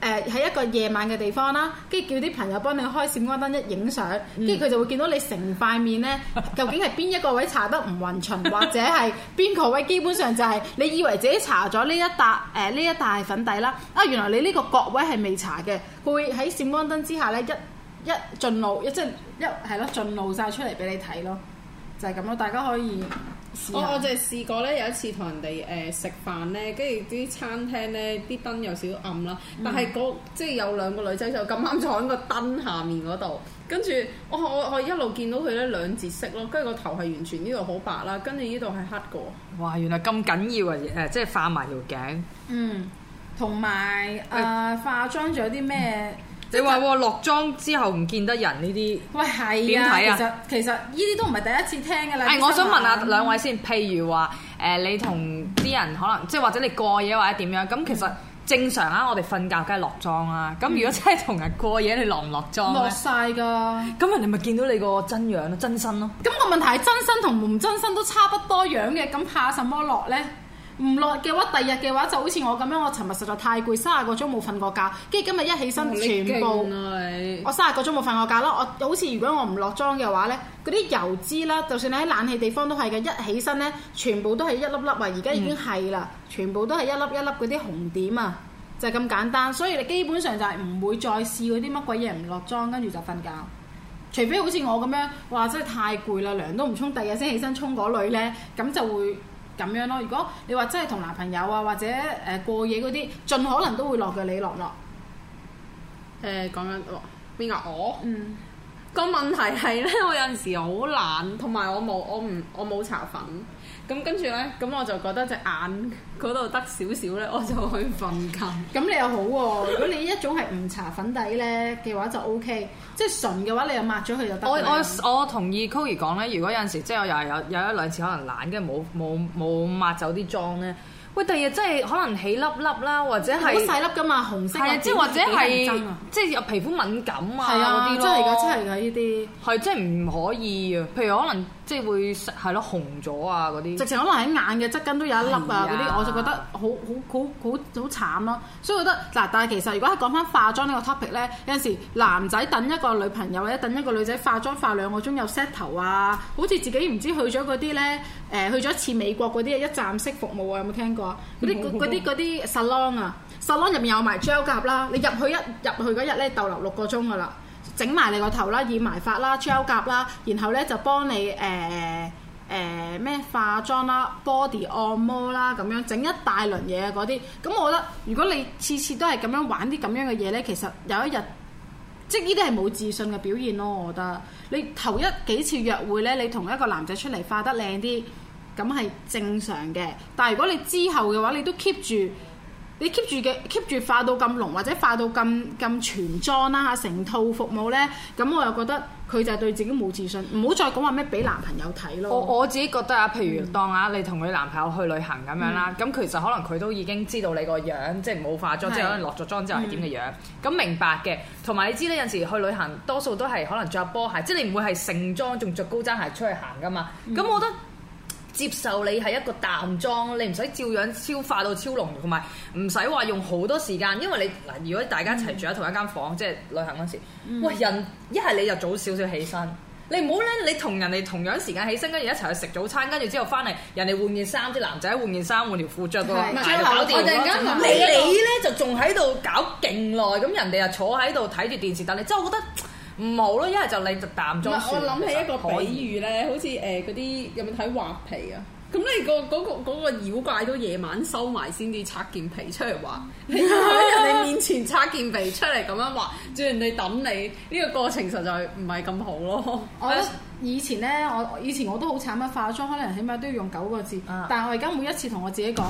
A: 誒，喺一個夜晚嘅地方啦，跟住叫啲朋友幫你開閃光燈一影相，跟住佢就會見到你成塊面咧，究竟係邊一個位搽得唔勻巡，或者係邊個位 基本上就係你以為自己搽咗呢一笪誒呢一大粉底啦，啊，原來你呢個角位係未搽嘅，佢會喺閃光燈之下咧一一盡露一即係、就是、一係咯盡露曬出嚟俾你睇咯。就係咁咯，大家可以
C: 試。我我淨係試過咧，有一次同人哋誒食飯咧，跟住啲餐廳咧啲燈有少少暗啦，嗯、但係嗰即係有兩個女仔就咁啱坐喺個燈下面嗰度，跟住我我我一路見到佢咧兩截色咯，跟住個頭係完全呢度好白啦，跟住呢度係黑嘅。哇！原來咁
B: 緊要啊！誒，即係化埋條頸。嗯，
C: 同埋誒化妝仲
A: 有啲咩？嗯
B: 你話落妝之後唔見得人呢啲？
A: 喂係啊，點睇、啊、
B: 其實呢啲都唔係第一次聽㗎啦。誒唉，須我想問下兩位先，譬如話誒、呃，你同啲人可能即係或者你過夜或者點樣？咁其實正常啦、啊，我哋瞓覺梗係落妝啦、啊。咁、嗯、如果真係同人過夜你下下，你落唔落妝落晒㗎。咁人哋咪見到你個真樣咯，
A: 真身咯、啊。咁個問題係真身同唔真身都差不多樣嘅，咁怕什麼落咧？唔落嘅話，第日嘅話就好似我咁樣，我尋日實在太攰，三廿個鐘冇瞓過覺，跟住今日一起身，哇全部我三廿個鐘冇瞓過覺咯。我好似如果我唔落妝嘅話呢，嗰啲油脂啦，就算你喺冷氣地方都係嘅，一起身呢，全部都係一粒粒啊！而家已經係啦，嗯、全部都係一粒一粒嗰啲紅點啊，就咁、係、簡單。所以你基本上就係唔會再試嗰啲乜鬼嘢唔落妝跟住就瞓覺，除非好似我咁樣，哇！真係太攰啦，涼都唔沖，第日先起身沖嗰類咧，咁就會。咁樣咯，如果你話真係同男朋友啊，或者誒、呃、過夜嗰啲，盡可能都會落嘅，你落落？
C: 誒、呃，講緊邊個？我？嗯。個問題係咧，我有陣時好懶，同埋我冇，我唔，我冇搽粉。咁跟住咧，咁我就覺得隻眼嗰度得少少咧，我就去瞓覺。咁你又好喎，如果你一種係唔
A: 搽粉底咧嘅話就 OK，即係純嘅話你又抹咗佢就得。我我
B: 我同意溝兒講咧，如果有陣時即係我又係有有一兩次可能懶，跟住冇冇冇抹走啲妝咧。喂，第二日真係可能起粒粒啦，或者係好細粒㗎嘛，紅色即係或者係即係有皮膚敏感啊嗰啲真係㗎，真係㗎，呢啲係即係唔可以啊。譬如可能。即係會係咯，紅咗啊嗰啲，直情可能喺眼嘅側近都有一粒啊嗰啲，是啊、我就覺得
A: 好好好好好慘咯，啊。所以我覺得嗱，但係其實如果係講翻化妝呢個 topic 咧，有陣時男仔等一個女朋友或者等一個女仔化妝化兩個鐘有 set 頭啊，好似自己唔知去咗嗰啲咧誒，去咗一次美國嗰啲一站式服務啊，有冇聽過啊？嗰啲嗰 啲嗰啲 salon 啊，salon 入面有埋 gel 甲啦，你入去一入去嗰日咧逗留六個鐘噶啦。整埋你個頭啦，染埋髮啦，gel 甲啦，然後呢就幫你誒誒咩化妝啦，body 按摩啦，咁樣整一大輪嘢嗰啲。咁我覺得如果你次次都係咁樣玩啲咁樣嘅嘢呢，其實有一日即係呢啲係冇自信嘅表現咯。我覺得你頭一幾次約會呢，你同一個男仔出嚟化得靚啲，咁係正常嘅。但係如果你之後嘅話，你都 keep 住。你 keep 住嘅 keep 住化到咁濃，或者化到咁咁全妝啦，成套服務呢。咁我又覺得佢就係對自己冇自信，唔好再
B: 講話咩俾男朋友睇咯。我我自己覺得啊，譬如當下你同佢男朋友去旅行咁樣啦，咁、嗯、其實可能佢都已經知道你個樣，即係冇化妝，是即係落咗妝之後係點嘅樣,樣，咁、嗯、明白嘅。同埋你知呢，有陣時去旅行多數都係可能着波鞋，即係你唔會係盛裝仲着高踭鞋出去行噶嘛。咁、嗯、我覺得。接受你係一個淡妝，你唔使照樣超化到超濃，同埋唔使話用好多時間，因為你嗱，如果大家一齊住喺同一間房，嗯、即係旅行嗰時，哇、嗯！人一係你就早少少起身，你唔好咧，你同人哋同樣時間起身，跟住一齊去食早餐，跟住之後翻嚟，人哋換件衫，啲男仔換件衫換條褲着。個，我突然間諗你你咧就仲喺度搞勁耐，咁人哋又坐喺度睇住電視，但你真係我覺得。唔好咯，一係就你就淡妝算啦。我諗起一個比喻
C: 咧，言好似誒嗰啲有冇睇畫皮啊？咁你、嗰個嗰、嗰個嗰個妖怪都夜晚收埋先至拆件皮出嚟畫， 你喺人哋面前拆件皮出嚟咁樣畫，叫 人哋抌你呢、呢個過程實在唔係咁好咯也。 我以
A: 前咧，我以前我都好慘啊，化妝可能起碼都要用九個字。啊、但係我而家每一次同我自己講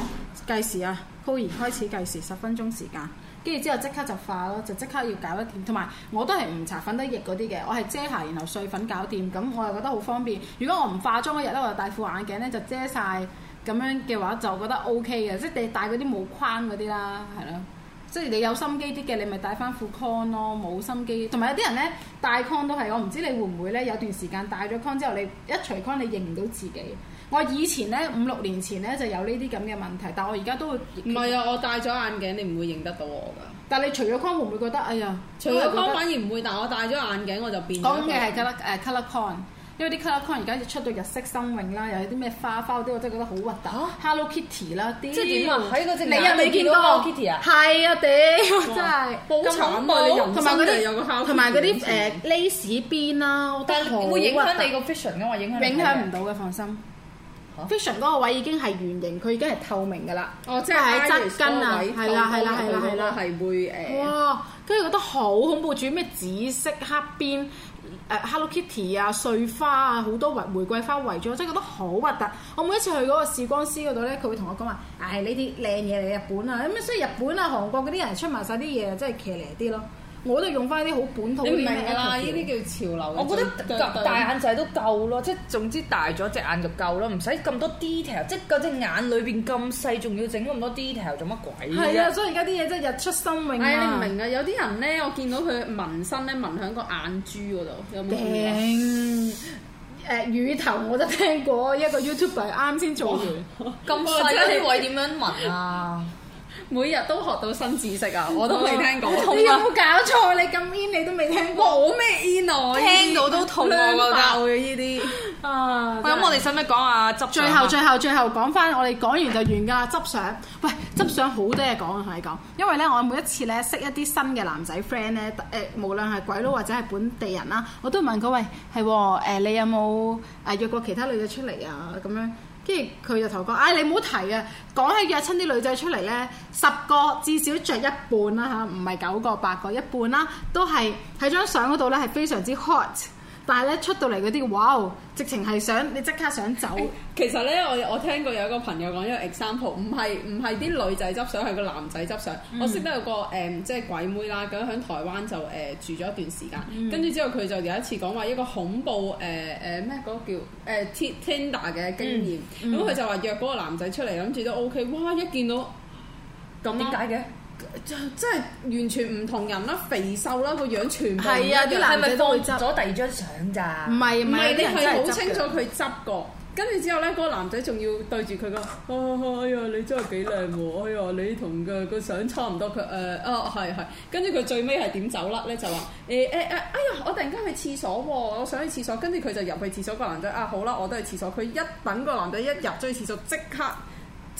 A: 計時啊，溝兒開始計時十分鐘時間。跟住之後即刻就化咯，就即刻要搞一掂。同埋我都係唔搽粉底液嗰啲嘅，我係遮瑕，然後碎粉搞掂。咁我又覺得好方便。如果我唔化妝嗰日咧，我就戴副眼鏡咧就遮晒。咁樣嘅話，就覺得 O K 嘅。即係你戴嗰啲冇框嗰啲啦，係咯。即係你有心機啲嘅，你咪戴翻副 con 咯。冇心機，同埋有啲人咧戴 con 都係。我唔知你會唔會咧有段時間戴咗 con 之後，你一除 con 你認唔到自己。我以前咧，五六年前咧，就有呢啲咁嘅問
C: 題，但我而家都會。唔係啊！我戴咗眼鏡，你唔會認得到我㗎。
A: 但係你除咗框會唔會覺得？哎呀，除咗框反而唔
C: 會，但我戴咗眼鏡我就變咗。講嘅係 colour colour con，因
A: 為啲 colour con 而家出到日式生命啦，又有啲咩花花嗰啲，我真係覺得好核突。Hello Kitty 啦，
B: 啲。即係點啊？喺嗰隻未見到個 Kitty 啊？係
A: 啊！屌，真係咁恐怖，你人生有個花。同埋嗰啲誒 lace 邊啦，但係會影響你
B: 個 fashion 㗎嘛？影響唔
A: 到嘅，放心。fusion 嗰個位已經係圓形，佢已經係透明嘅啦，即係喺、哦、側跟啊，係啦係啦係啦係啦，係會誒，哇！跟住覺得好恐怖，住咩紫色黑邊誒、啊、Hello Kitty 啊，碎花啊，好多玫瑰花圍咗，真係覺得好核突。我每一次去嗰個視光師嗰度咧，佢會同我講話，唉，呢啲靚嘢嚟日本啊，咁樣，所以日本啊、韓國嗰啲人出埋晒啲嘢，真係騎呢啲咯。
B: 我都用翻啲好本土啲名啦，呢啲叫潮流。我覺得大眼仔都夠咯，即係總之大咗隻眼就夠咯，唔使咁多 detail，即係嗰隻眼裏邊咁細，仲要整咁多 detail，做乜鬼？係啊，所以而家啲嘢真係日出生命。啊！係、哎、你唔明啊？有啲人
C: 咧，我見到佢紋身咧，紋喺個眼珠嗰度，有冇？
A: 頂誒、呃，乳頭我都聽過，一個 YouTuber 啱先做完，
C: 咁細啲位點樣紋啊？ 每日都學到新知識啊！我都未聽過。 啊、你有冇搞錯？ 你咁 In，你都未聽過？過我咩 In 啊？聽到都痛啊！噗我覺得
B: 依啲啊，咁我哋使唔使講啊？執最後、最後、
A: 最後講翻，我哋講完就完㗎。執相，喂，執相好多嘢講啊！同你講，因為咧，我每一次咧識一啲新嘅男仔 friend 咧，誒，無論係鬼佬或者係本地人啦，我都問佢：喂，係喎、哦，你有冇誒約過其他女仔出嚟啊？咁樣。跟住佢就同我講，唉、哎、你唔好提啊！講起約親啲女仔出嚟呢，十個至少着一半啦嚇，唔、啊、係九個八個，一半啦、啊，都係喺張相嗰度呢，係非常之 hot。但係咧出到嚟嗰啲，哇！
C: 直情係想你即刻想走。其實咧，我我聽過有一個朋友講一個 example，唔係唔係啲女仔執相，係、嗯、個男仔執相。我識得有個誒，即係鬼妹啦，咁喺台灣就誒、呃、住咗一段時間。跟住之後佢就有一次講話一個恐怖誒誒咩嗰個叫誒、呃、Tinder 嘅經驗。咁佢就話約嗰個男仔出嚟，諗住都 O K。哇！一見到咁點解嘅？樣就真係完全唔同人啦，肥瘦啦，個樣全部、啊、男都男仔係咪執
B: 咗第二張相咋？唔係唔係，你係好清楚佢
C: 執過。跟住之後咧，嗰的、嗰個男仔仲要對住佢講：哎呀，你真係幾靚喎！哎呀，你同嘅個相差唔多。佢誒哦，係、啊、係。跟住佢最尾係點走甩咧？就話誒誒誒，哎呀，我突然間去廁所喎，我想去廁所。跟住佢就入去廁所，個男仔啊，好啦，我都去廁所。佢一等個男仔一入咗去廁所，即刻。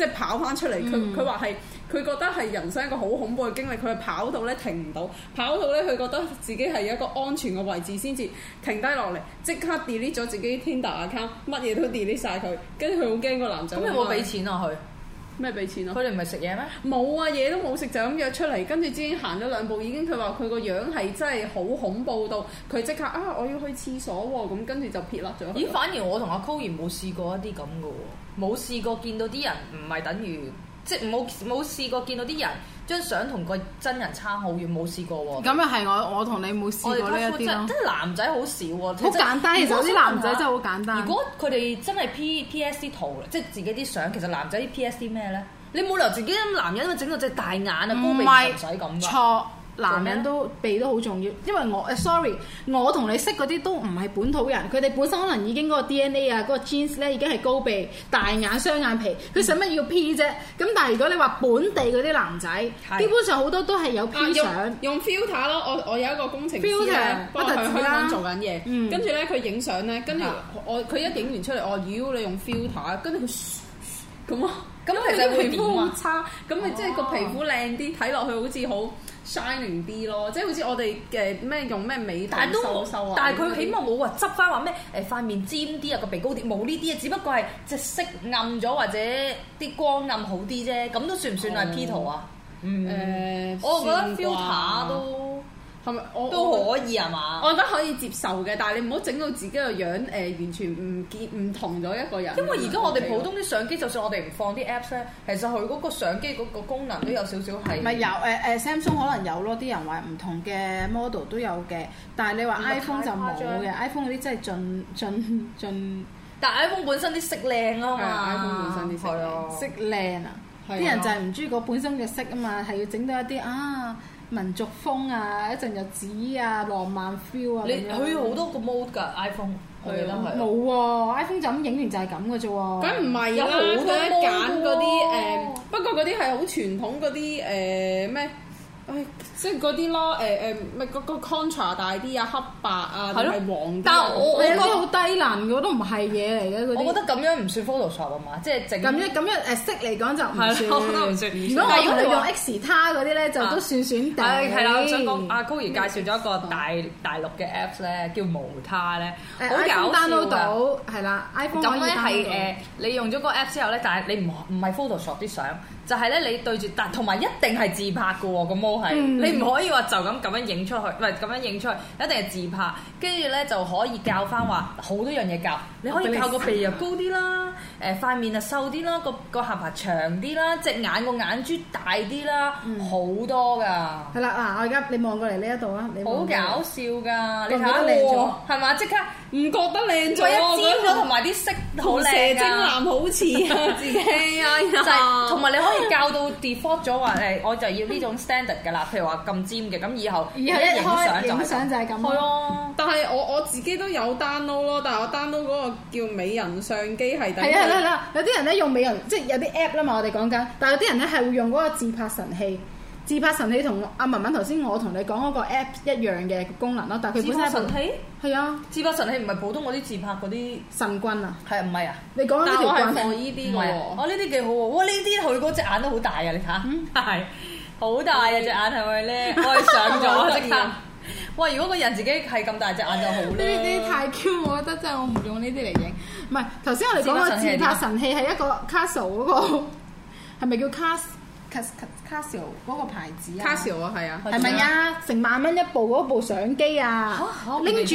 C: 即係跑翻出嚟，佢佢話係，佢覺得係人生一個好恐怖嘅經歷，佢係跑到咧停唔到，跑到咧佢覺得自己係一個安全嘅位置先至停低落嚟，即刻 delete 咗自己 Tinder account，乜嘢都 delete 晒佢，跟住佢好驚個男仔、啊，有冇俾錢落去。咩俾錢啊？佢哋唔係食嘢咩？冇啊，嘢都冇食，就咁約出嚟。跟住先行咗兩步，已經佢話佢
B: 個樣係真係好恐怖到，佢即刻啊！我要去廁所喎、啊，咁跟住就撇甩咗。咦？反而我同阿溝兒冇試過一啲咁嘅喎，冇試過見到啲人唔係等於。即冇冇試過見到啲人張相同個真人差好遠，冇試過喎。咁又係我我同你冇試過呢啲咯。即男仔好少喎、啊。好簡單，其實啲男仔真係好簡單。如果佢哋真係 P P S 啲圖，P, 圖即自己啲相，其實男仔 P S 啲咩咧？你冇理由自己啲男人咪整到隻大眼啊，高鼻頭仔咁㗎。錯。男人都
A: 鼻都好重要，因為我誒 sorry，我同你識嗰啲都唔係本土人，佢哋本身可能已經嗰個 DNA 啊，嗰個 genes 咧已經係高鼻大眼雙眼皮，佢使乜要 P 啫？咁但係如果你話本地嗰啲男仔，是基本上好多都係有 P 相、啊，用 filter 咯。
C: Fil ter, 我我有一個工程師咧，ilt re, 幫我喺香港做緊嘢、嗯，跟住咧佢影相咧，跟住我佢一影完出嚟，我屌你用 filter，啊，跟住佢咁啊，咁其實佢皮膚好差，咁佢即係個皮膚靚啲，睇落、哦、去好似好。Shining 啲咯，即係好
B: 似我哋嘅咩用咩美，但都好瘦啊，但係佢起碼冇話執翻話咩誒塊面尖啲啊個鼻高啲，冇呢啲啊，只不過係隻色暗咗或者啲光暗好啲啫，咁都算唔算係 P 圖啊？
C: 誒、嗯，嗯呃、我覺得 filter 都。係咪我都可以係嘛？我覺得可以接受嘅，但係你唔好整到自己個樣誒、呃，完
B: 全唔見唔同咗一個人。因為而家我哋普通啲相機，的就算我哋唔放啲 Apps 咧，其實佢嗰個相機嗰個功能都有少少係。咪、嗯、有誒誒 Samsung 可能有咯，啲、嗯、人話唔同
A: 嘅 model 都有嘅，但係你話 iPhone 就冇嘅，iPhone 嗰啲真係盡盡盡。但係 iPhone 本身啲色靚了啊 iPhone 本身啲色靚，色靚啊，
B: 啲人就係唔
A: 中意個本身嘅色啊嘛，係要整到一啲啊。民族風啊，一陣日子啊，浪漫 feel 啊，你佢好多個 mode 㗎 iPhone
B: 係啦，冇
C: 喎 iPhone 就咁影完就係咁嘅啫喎，咁唔係啦，有好多揀嗰啲誒，啊、不過嗰啲係好傳統嗰啲誒咩？啊誒，即係嗰啲咯，誒誒，咪嗰個 contrast 大啲啊，黑白啊，定係黃啲？但係我你知好低難
A: 嘅，都唔係嘢嚟嘅。我覺得咁樣唔算 photoshop 啊嘛，即係整。咁樣咁樣誒色嚟講就唔算。如果如果你用 X 他嗰啲咧，就都算算頂。係係啦，我想
B: 講阿 Koey 介紹咗一個大大陸嘅 Apps 咧，叫無他咧，好有 download 到，係啦，iPhone 可以 download 到，你用咗個 App 之後咧，但係你唔唔係 photoshop 啲相。就係咧，你對住，但同埋一定係自拍嘅喎，個模係，你唔可以話就咁咁樣影出去，唔係咁樣影出去，一定係自拍。跟住咧就可以教翻話好多樣嘢教，你可以教個鼻又高啲啦，誒塊面啊瘦啲啦，個個下巴長啲啦，隻眼個眼珠大啲啦，好多㗎。係啦，嗱我而家你望過嚟呢一度啊，你好搞笑㗎！你睇下喎，係嘛？即刻唔覺得靚咗？一尖咗，同埋啲色好靚嘅，水藍好似啊自己，就同埋你 教到 default 咗話誒，我就要呢種 standard 㗎啦。譬如話咁尖嘅，咁以後以後一影相，影相
C: 就係咁啦。係咯。但係我我自己都有 download 咯，但係我 download 嗰個叫美人相機係第一。係啦啦，
A: 有啲人咧用美人，即係有啲 app 啦嘛。我哋講緊，但係有啲人咧係會用嗰個自拍神器。自拍神器同阿文文頭先我同你講嗰個 APP 一樣嘅功能咯，但係佢本身係神器。
B: 係啊，自拍神器唔係普通嗰啲自拍嗰啲。神君啊，係唔係啊？你講呢條棍係呢啲我呢啲幾好喎，哇！呢啲佢嗰隻眼都好大啊，你睇下。嗯。係，好大啊隻眼係咪咧？我係上咗職能。哇！如果個人自己係咁大隻眼就好啦。呢啲太 Q，我
A: 覺得真係我唔用呢啲嚟影。唔係，頭先我哋講個自拍神器係一個 Castle 嗰個，係咪叫 Castle？卡卡 Casio 嗰個牌子啊！Casio 啊，係啊，係咪啊？成萬蚊一部嗰部相機啊，拎住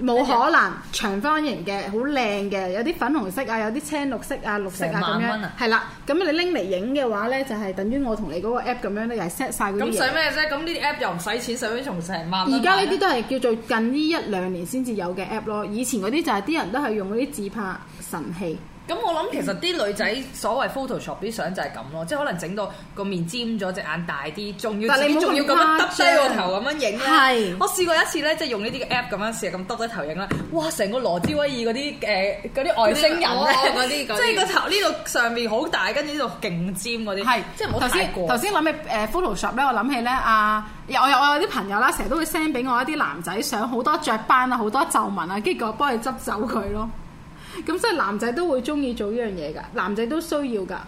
A: 冇可能長方形嘅，好靚嘅，有啲粉紅色啊，有啲青綠色啊，綠色啊咁、啊、樣。係啦，咁你拎嚟影嘅話咧，就係、是、等於我同你嗰個 app 咁樣咧，又、就、係、是、set 曬嗰啲嘢。咁使咩
B: 啫？咁呢啲 app 又唔使錢，使咩仲成萬？而家呢啲都係
A: 叫做近呢一兩年先至有嘅 app 咯，以前嗰啲就係啲人都係
B: 用嗰啲自拍神器。咁我諗其實啲女仔所謂 Photoshop 啲相就係咁咯，即係可能整到個面尖咗，隻眼大啲，仲要自己仲要咁樣耷低個頭咁樣影、啊。係是，我試過一次咧，即係用呢啲 app 咁樣試咁耷低頭影啦，哇！成個羅斯威爾嗰啲誒嗰啲外星人咧，嗰啲的， 即係個頭呢度上面好大，跟住呢度勁尖嗰啲。係，是即係唔好睇過。頭先頭
A: 先諗起誒、uh, Photoshop 咧、uh,，我諗起咧啊，有我有我有啲朋友啦，成日都會 send 俾我一啲男仔相，好多雀斑啊，好多皺紋啊，跟住叫我幫佢執走佢咯。咁所以男仔都會中意做呢樣嘢噶，男仔都需要噶。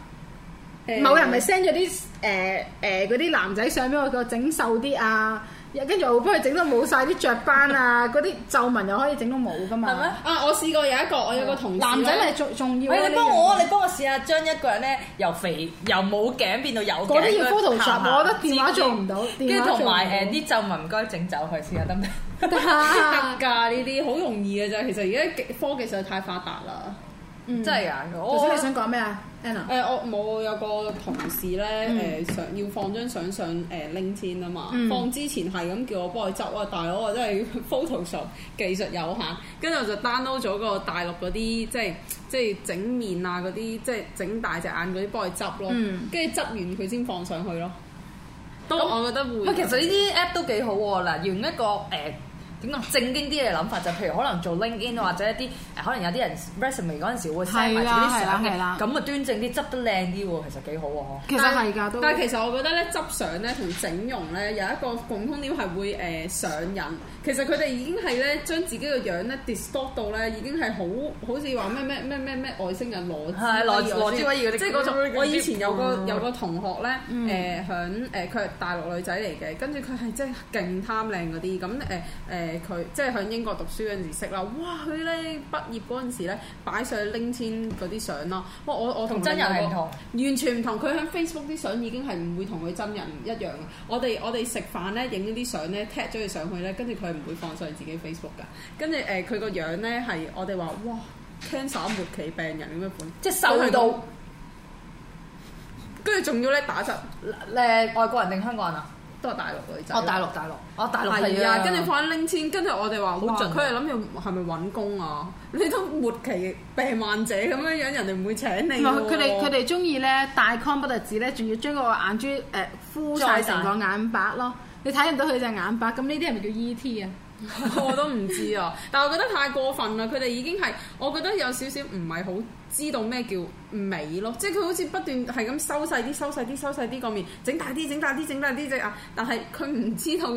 A: 欸、某人咪 send 咗啲誒誒嗰啲男仔上俾我，叫我整瘦啲啊，跟住又幫佢整到冇晒啲雀斑啊，嗰啲皺紋又可以整到冇噶嘛。啊，我試過有一個，我有個同事。男仔咪重重要啊、哎！你幫我，你
B: 幫我試下將一個人咧由肥由冇頸變到有頸。嗰啲要 Photoshop，我覺得電話做唔到。跟住同埋誒啲皺紋唔該整走佢，試,試,試下得唔得？
C: 得噶呢啲好容易嘅啫，其實而家科技實在太發達啦，
B: 真係噶。頭先你想講咩啊，Anna？我冇有個
C: 同事咧，誒想要放張相上誒 LinkedIn 啊嘛，放之前係咁叫我幫佢執啊，大佬，我真係 photoshop 技術有限，跟住我就 download 咗個大陸嗰啲即係即係整面啊嗰啲，即係整大隻眼嗰啲幫佢執咯，跟
B: 住執完佢先放上去咯。
C: 咁我覺得會。其實呢啲 app 都幾好
B: 喎。嗱，用一個誒。點講正經啲嘅諗法就，譬如可能做 LinkedIn 或者一啲可能有啲人 resume 嗰陣時會自己 send 埋嗰啲相嘅，啦。咁啊端正啲，執得靚啲喎，其實幾好喎，但其
C: 實係㗎，都。但係其實我覺得咧，執相咧同整容咧有一個共通點係會誒上癮。其實佢哋已經係咧將自己個樣咧 distort 到咧，已經係好好似話咩咩咩咩咩外星人羅。係羅志偉，即係我從我以前有個有個同學咧，誒響誒佢係大陸女仔嚟嘅，跟住佢係真係勁貪靚嗰啲，咁誒誒。誒佢即係喺英國讀書嗰陣時識啦，哇！佢咧畢業嗰陣時咧擺上去拎簽嗰啲相咯，哇！我我同真人唔同，完全唔同。佢喺 Facebook 啲相已經係唔會同佢真人一樣。我哋我哋食飯咧影嗰啲相咧踢咗佢上去咧，跟住佢唔會放上自己 Facebook 噶。跟住誒佢個樣咧係我哋話哇，cancer 末期病人咁嘅款，即係瘦到，跟住仲要咧打針
B: 誒外國人定香港人啊？
C: 都
B: 係大陸女仔。哦，大陸大陸。哦，大陸係啊。跟住放
C: 拎錢，跟住我哋話：哇，佢哋諗住係咪揾工啊？你都、啊啊、末期病患者咁樣樣，人哋唔會請你喎。佢哋佢哋
A: 中意咧戴 con 不特止咧，仲要將個眼珠誒、呃、敷曬成個眼白咯。你睇唔到佢隻眼白，咁
C: 呢啲係咪叫 E.T. 啊？ 我都唔知啊，但係我覺得太過分啦！佢哋已經係，我覺得有少少唔係好知道咩叫美咯，即係佢好似不斷係咁收細啲、收細啲、收細啲個面，整大啲、整大啲、整大啲隻眼，但係佢唔知道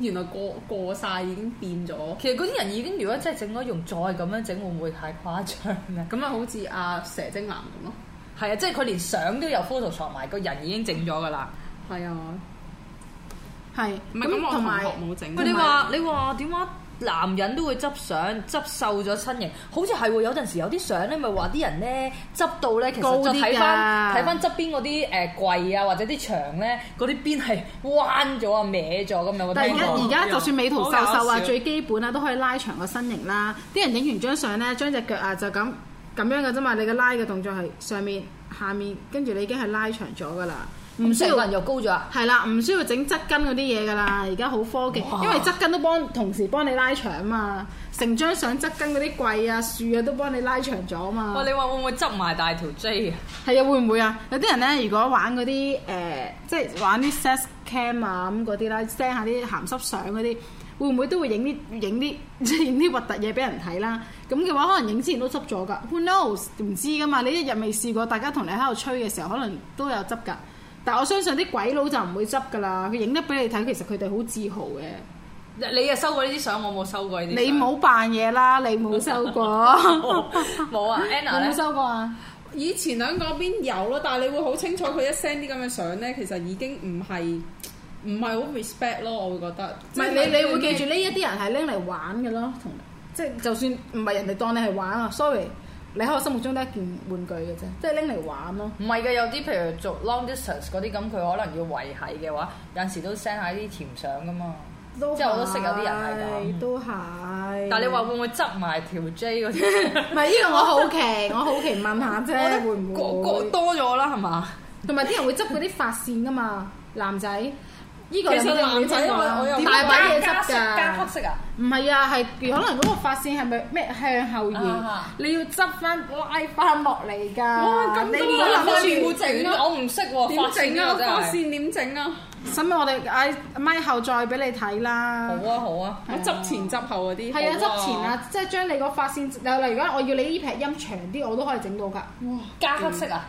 C: 原
B: 來過過曬已經變咗。其實嗰啲人已經，如果真係整咗容，再咁樣整會唔會太誇張咧？咁啊，好似阿蛇精男咁咯，係啊，即係佢連相都有 photoshop 埋，個人已經整咗㗎啦。係啊。係，咁那同埋，你話你話點啊？男人都會執相執瘦咗身形，好似係喎。有陣時有啲相咧，咪話啲人咧執到咧，其實高啲睇翻睇翻側邊嗰啲誒櫃啊，或者啲牆咧，嗰啲邊係彎咗啊、歪咗咁樣。但係而家而家就算美圖秀秀啊，有最基本啊都可以拉長個身形啦。啲人影完張相咧，將隻
A: 腳啊就咁咁樣㗎啫嘛。你嘅拉嘅動作係上面下面，跟住你已經係拉長咗㗎啦。唔需要個人又高咗，係啦，唔需要整側根嗰啲嘢㗎喇。而家好科技，哇因為側根都幫同時幫你拉長啊嘛，成張相側根嗰啲櫃啊、樹啊都幫你拉長咗啊嘛。哇！你
B: 話會唔會執埋大條 J 啊？
A: 係啊，會唔會啊？有啲人咧，如果玩嗰啲誒，即係玩啲 sex cam 啊咁嗰啲啦，send 下啲鹹濕相嗰啲，會唔會都會影啲影啲即係影啲核突嘢俾人睇啦？咁嘅話，可能影之前都執咗㗎。Who knows？唔知㗎嘛？你一日未試過，大家同你喺度吹嘅時候，可能都有執㗎。但我相信啲鬼佬就唔會執噶啦，佢影得俾你睇，其實佢哋好自豪嘅。
B: 你又收過呢啲相，我冇收過呢啲。你冇
C: 扮嘢啦，你冇收過。冇、 哦、啊，Anna 咧。冇收過啊？以前喺嗰邊有咯，但係你會好清楚佢一 send 啲咁嘅相咧，其實已經唔係唔係好 respect 咯，我會覺得。唔係你，你會記住呢一啲
A: 人係拎嚟玩㗎咯，同 即係就算唔係人哋當你係玩啊
B: ，sorry。你喺我心目中都係一件玩具嘅啫，即係拎嚟玩咯。唔係嘅，有啲譬如做 long distance 嗰啲咁，佢可能要維係嘅話，有時都 send 下啲甜相噶嘛。即係是我都識有啲人係咁。
C: 都係是。但係你話會
B: 唔會執埋條 J 嗰啲、那個？唔係，呢個我好
A: 奇，我，我好奇問下啫，會唔會過多咗啦？係嘛？同埋啲人會執嗰啲髮線噶嘛，男仔。呢個又唔使我，大把嘢執噶，加黑色啊？唔係啊，係可能嗰個髮線係咪咩向後移？你要執翻拉翻落嚟㗎。哇！咁多難度整啊！我唔識喎，點整啊？髮線點整啊？咁我哋唉，咪後再俾你睇啦。
C: 好啊好啊，執前執後嗰啲。係啊，執前啊，
A: 即係將你個髮線有例，如果我
B: 要你呢撇音長啲，我都可以整到㗎。哇！加黑色啊！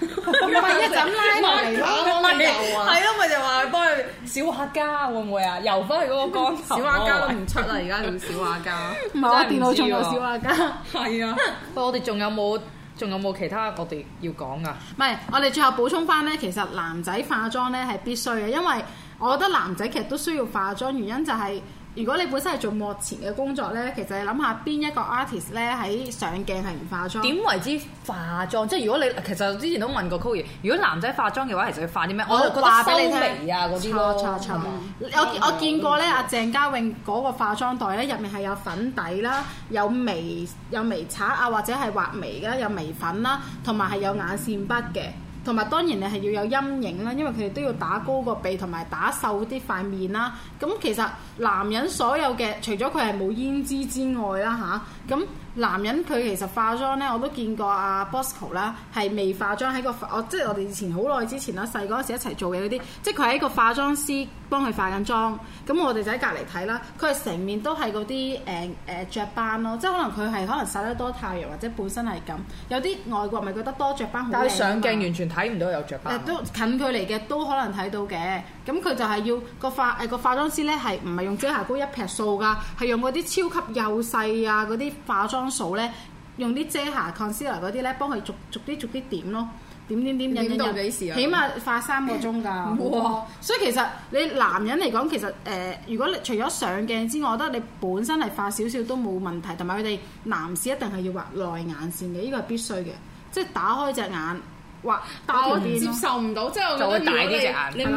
C: 咁咪 一陣拉嚟啦，我油啊 就是、幫佢油啊！係咯，咪就話
B: 幫佢小畫家會唔會啊？遊翻去嗰個光頭，小畫家都唔出嚟噶，仲小畫家，唔係 是電腦重有小畫家 是、啊有有。係啊，我哋仲有冇仲有冇其他我哋要講噶？唔係， 我哋最後補充
A: 翻咧，其實男仔化妝咧係必須嘅，因為我覺得男仔其實都需要化妝，原因就係、是。如果你本身係做幕前嘅工作咧，其實你諗下邊一個 artist 咧喺
B: 上鏡係唔化妝？點為之化妝？即係如果你其實之前都問過 Koy，如果男仔化妝嘅話，其實要化啲咩？我就覺得，化啲，眉啊嗰啲咯。差差差差嗯、我我見過咧，
A: 嗯、opposite 阿鄭嘉穎嗰個化妝袋咧，入面係有粉底啦，有眉有眉刷啊，或者係畫眉嘅，有眉粉啦，同埋係有眼線筆嘅。同埋當然你係要有陰影啦，因為佢哋都要打高個鼻同埋打瘦啲塊面啦。咁、嗯、其實男人所有嘅，除咗佢係冇胭脂之外啦吓。咁、啊。嗯男人佢其實化妝咧，我都見過阿、啊、Bosco 啦，係未化妝喺個，我即係我哋以前好耐之前啦，細嗰陣時一齊做嘢嗰啲，即係佢喺一個化妝師幫佢化緊妝，咁我哋就喺隔離睇啦，佢係成面都係嗰啲誒誒雀斑咯，即係可能佢係可能曬得多太陽或者本身係咁，有啲外國咪覺得多雀斑好。但係上鏡
B: 完全睇唔到有雀斑，嗯。都
A: 近距離嘅都可能睇到嘅，咁佢、嗯嗯、就係要個化誒、呃、個化妝師咧係唔係用遮瑕膏一撇掃㗎，係用嗰啲超級幼細啊嗰啲化妝。數咧，用啲遮瑕、concealer 嗰啲咧，幫佢逐逐啲、逐啲點，點，點咯，點點點，點到幾時啊？起碼化三個鐘噶，欸、好多哇！所以其實你男人嚟講，其實誒、呃，如果你除咗上鏡之外，我覺得你本身係化少少都冇問題，同埋佢哋男士一定係要畫內眼線嘅，呢、這個係必須嘅，即、就、係、是、打開隻眼。話，哇但係我、啊、接受
C: 唔到，即係我覺得大啲眼，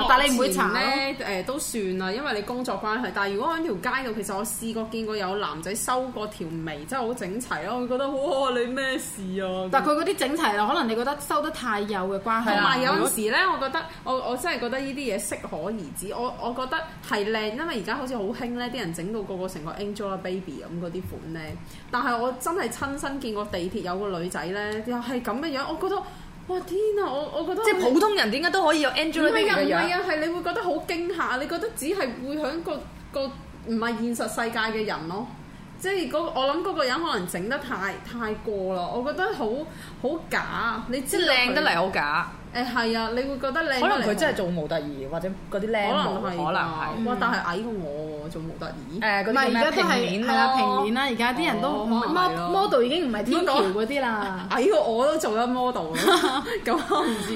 C: 但係你唔會殘咧，誒對、呃、都算啦，因為你工作關係。但係如果喺條街度，其實我試過見過有男仔收過條眉，真係好整齊咯，我覺得哇，你咩事啊？但係佢嗰啲整齊啦，可能你覺得收得太幼嘅關係。有陣、啊、果時咧，我覺得我我真係覺得呢啲嘢適可而止。我我覺得係靚，因為而家好似好興咧，啲人整到個個成個 Angelababy 咁嗰啲款咧。但係我真係親身見過地鐵有個女仔咧，又係咁嘅樣，我覺得。哇天啊！我我覺得即係普通人點解都可以有 Angelababy 一樣？唔係啊，唔係啊，係你會覺得好驚嚇，你覺得只係會響個個唔係現實世界嘅人咯。即係、嗰個、我諗嗰個人可能整得太太過啦，我覺得好好假。你即係靚得嚟好假。誒係啊，你會覺得靚？可能佢真係
B: 做模特兒或者嗰啲靚模，可能係哇！但係矮過我做模特兒。誒，嗰啲咩平面咯？平面啦，而家啲人都 model 已經唔
A: 係天橋嗰啲啦，
C: 矮過我都做咗 model 咁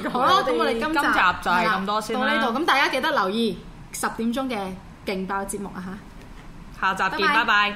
C: 好
B: 啦咁我哋今集就係咁多先到呢度，咁
A: 大家記得留意十點鐘嘅勁爆節目啊嚇！
B: 下集見，拜拜。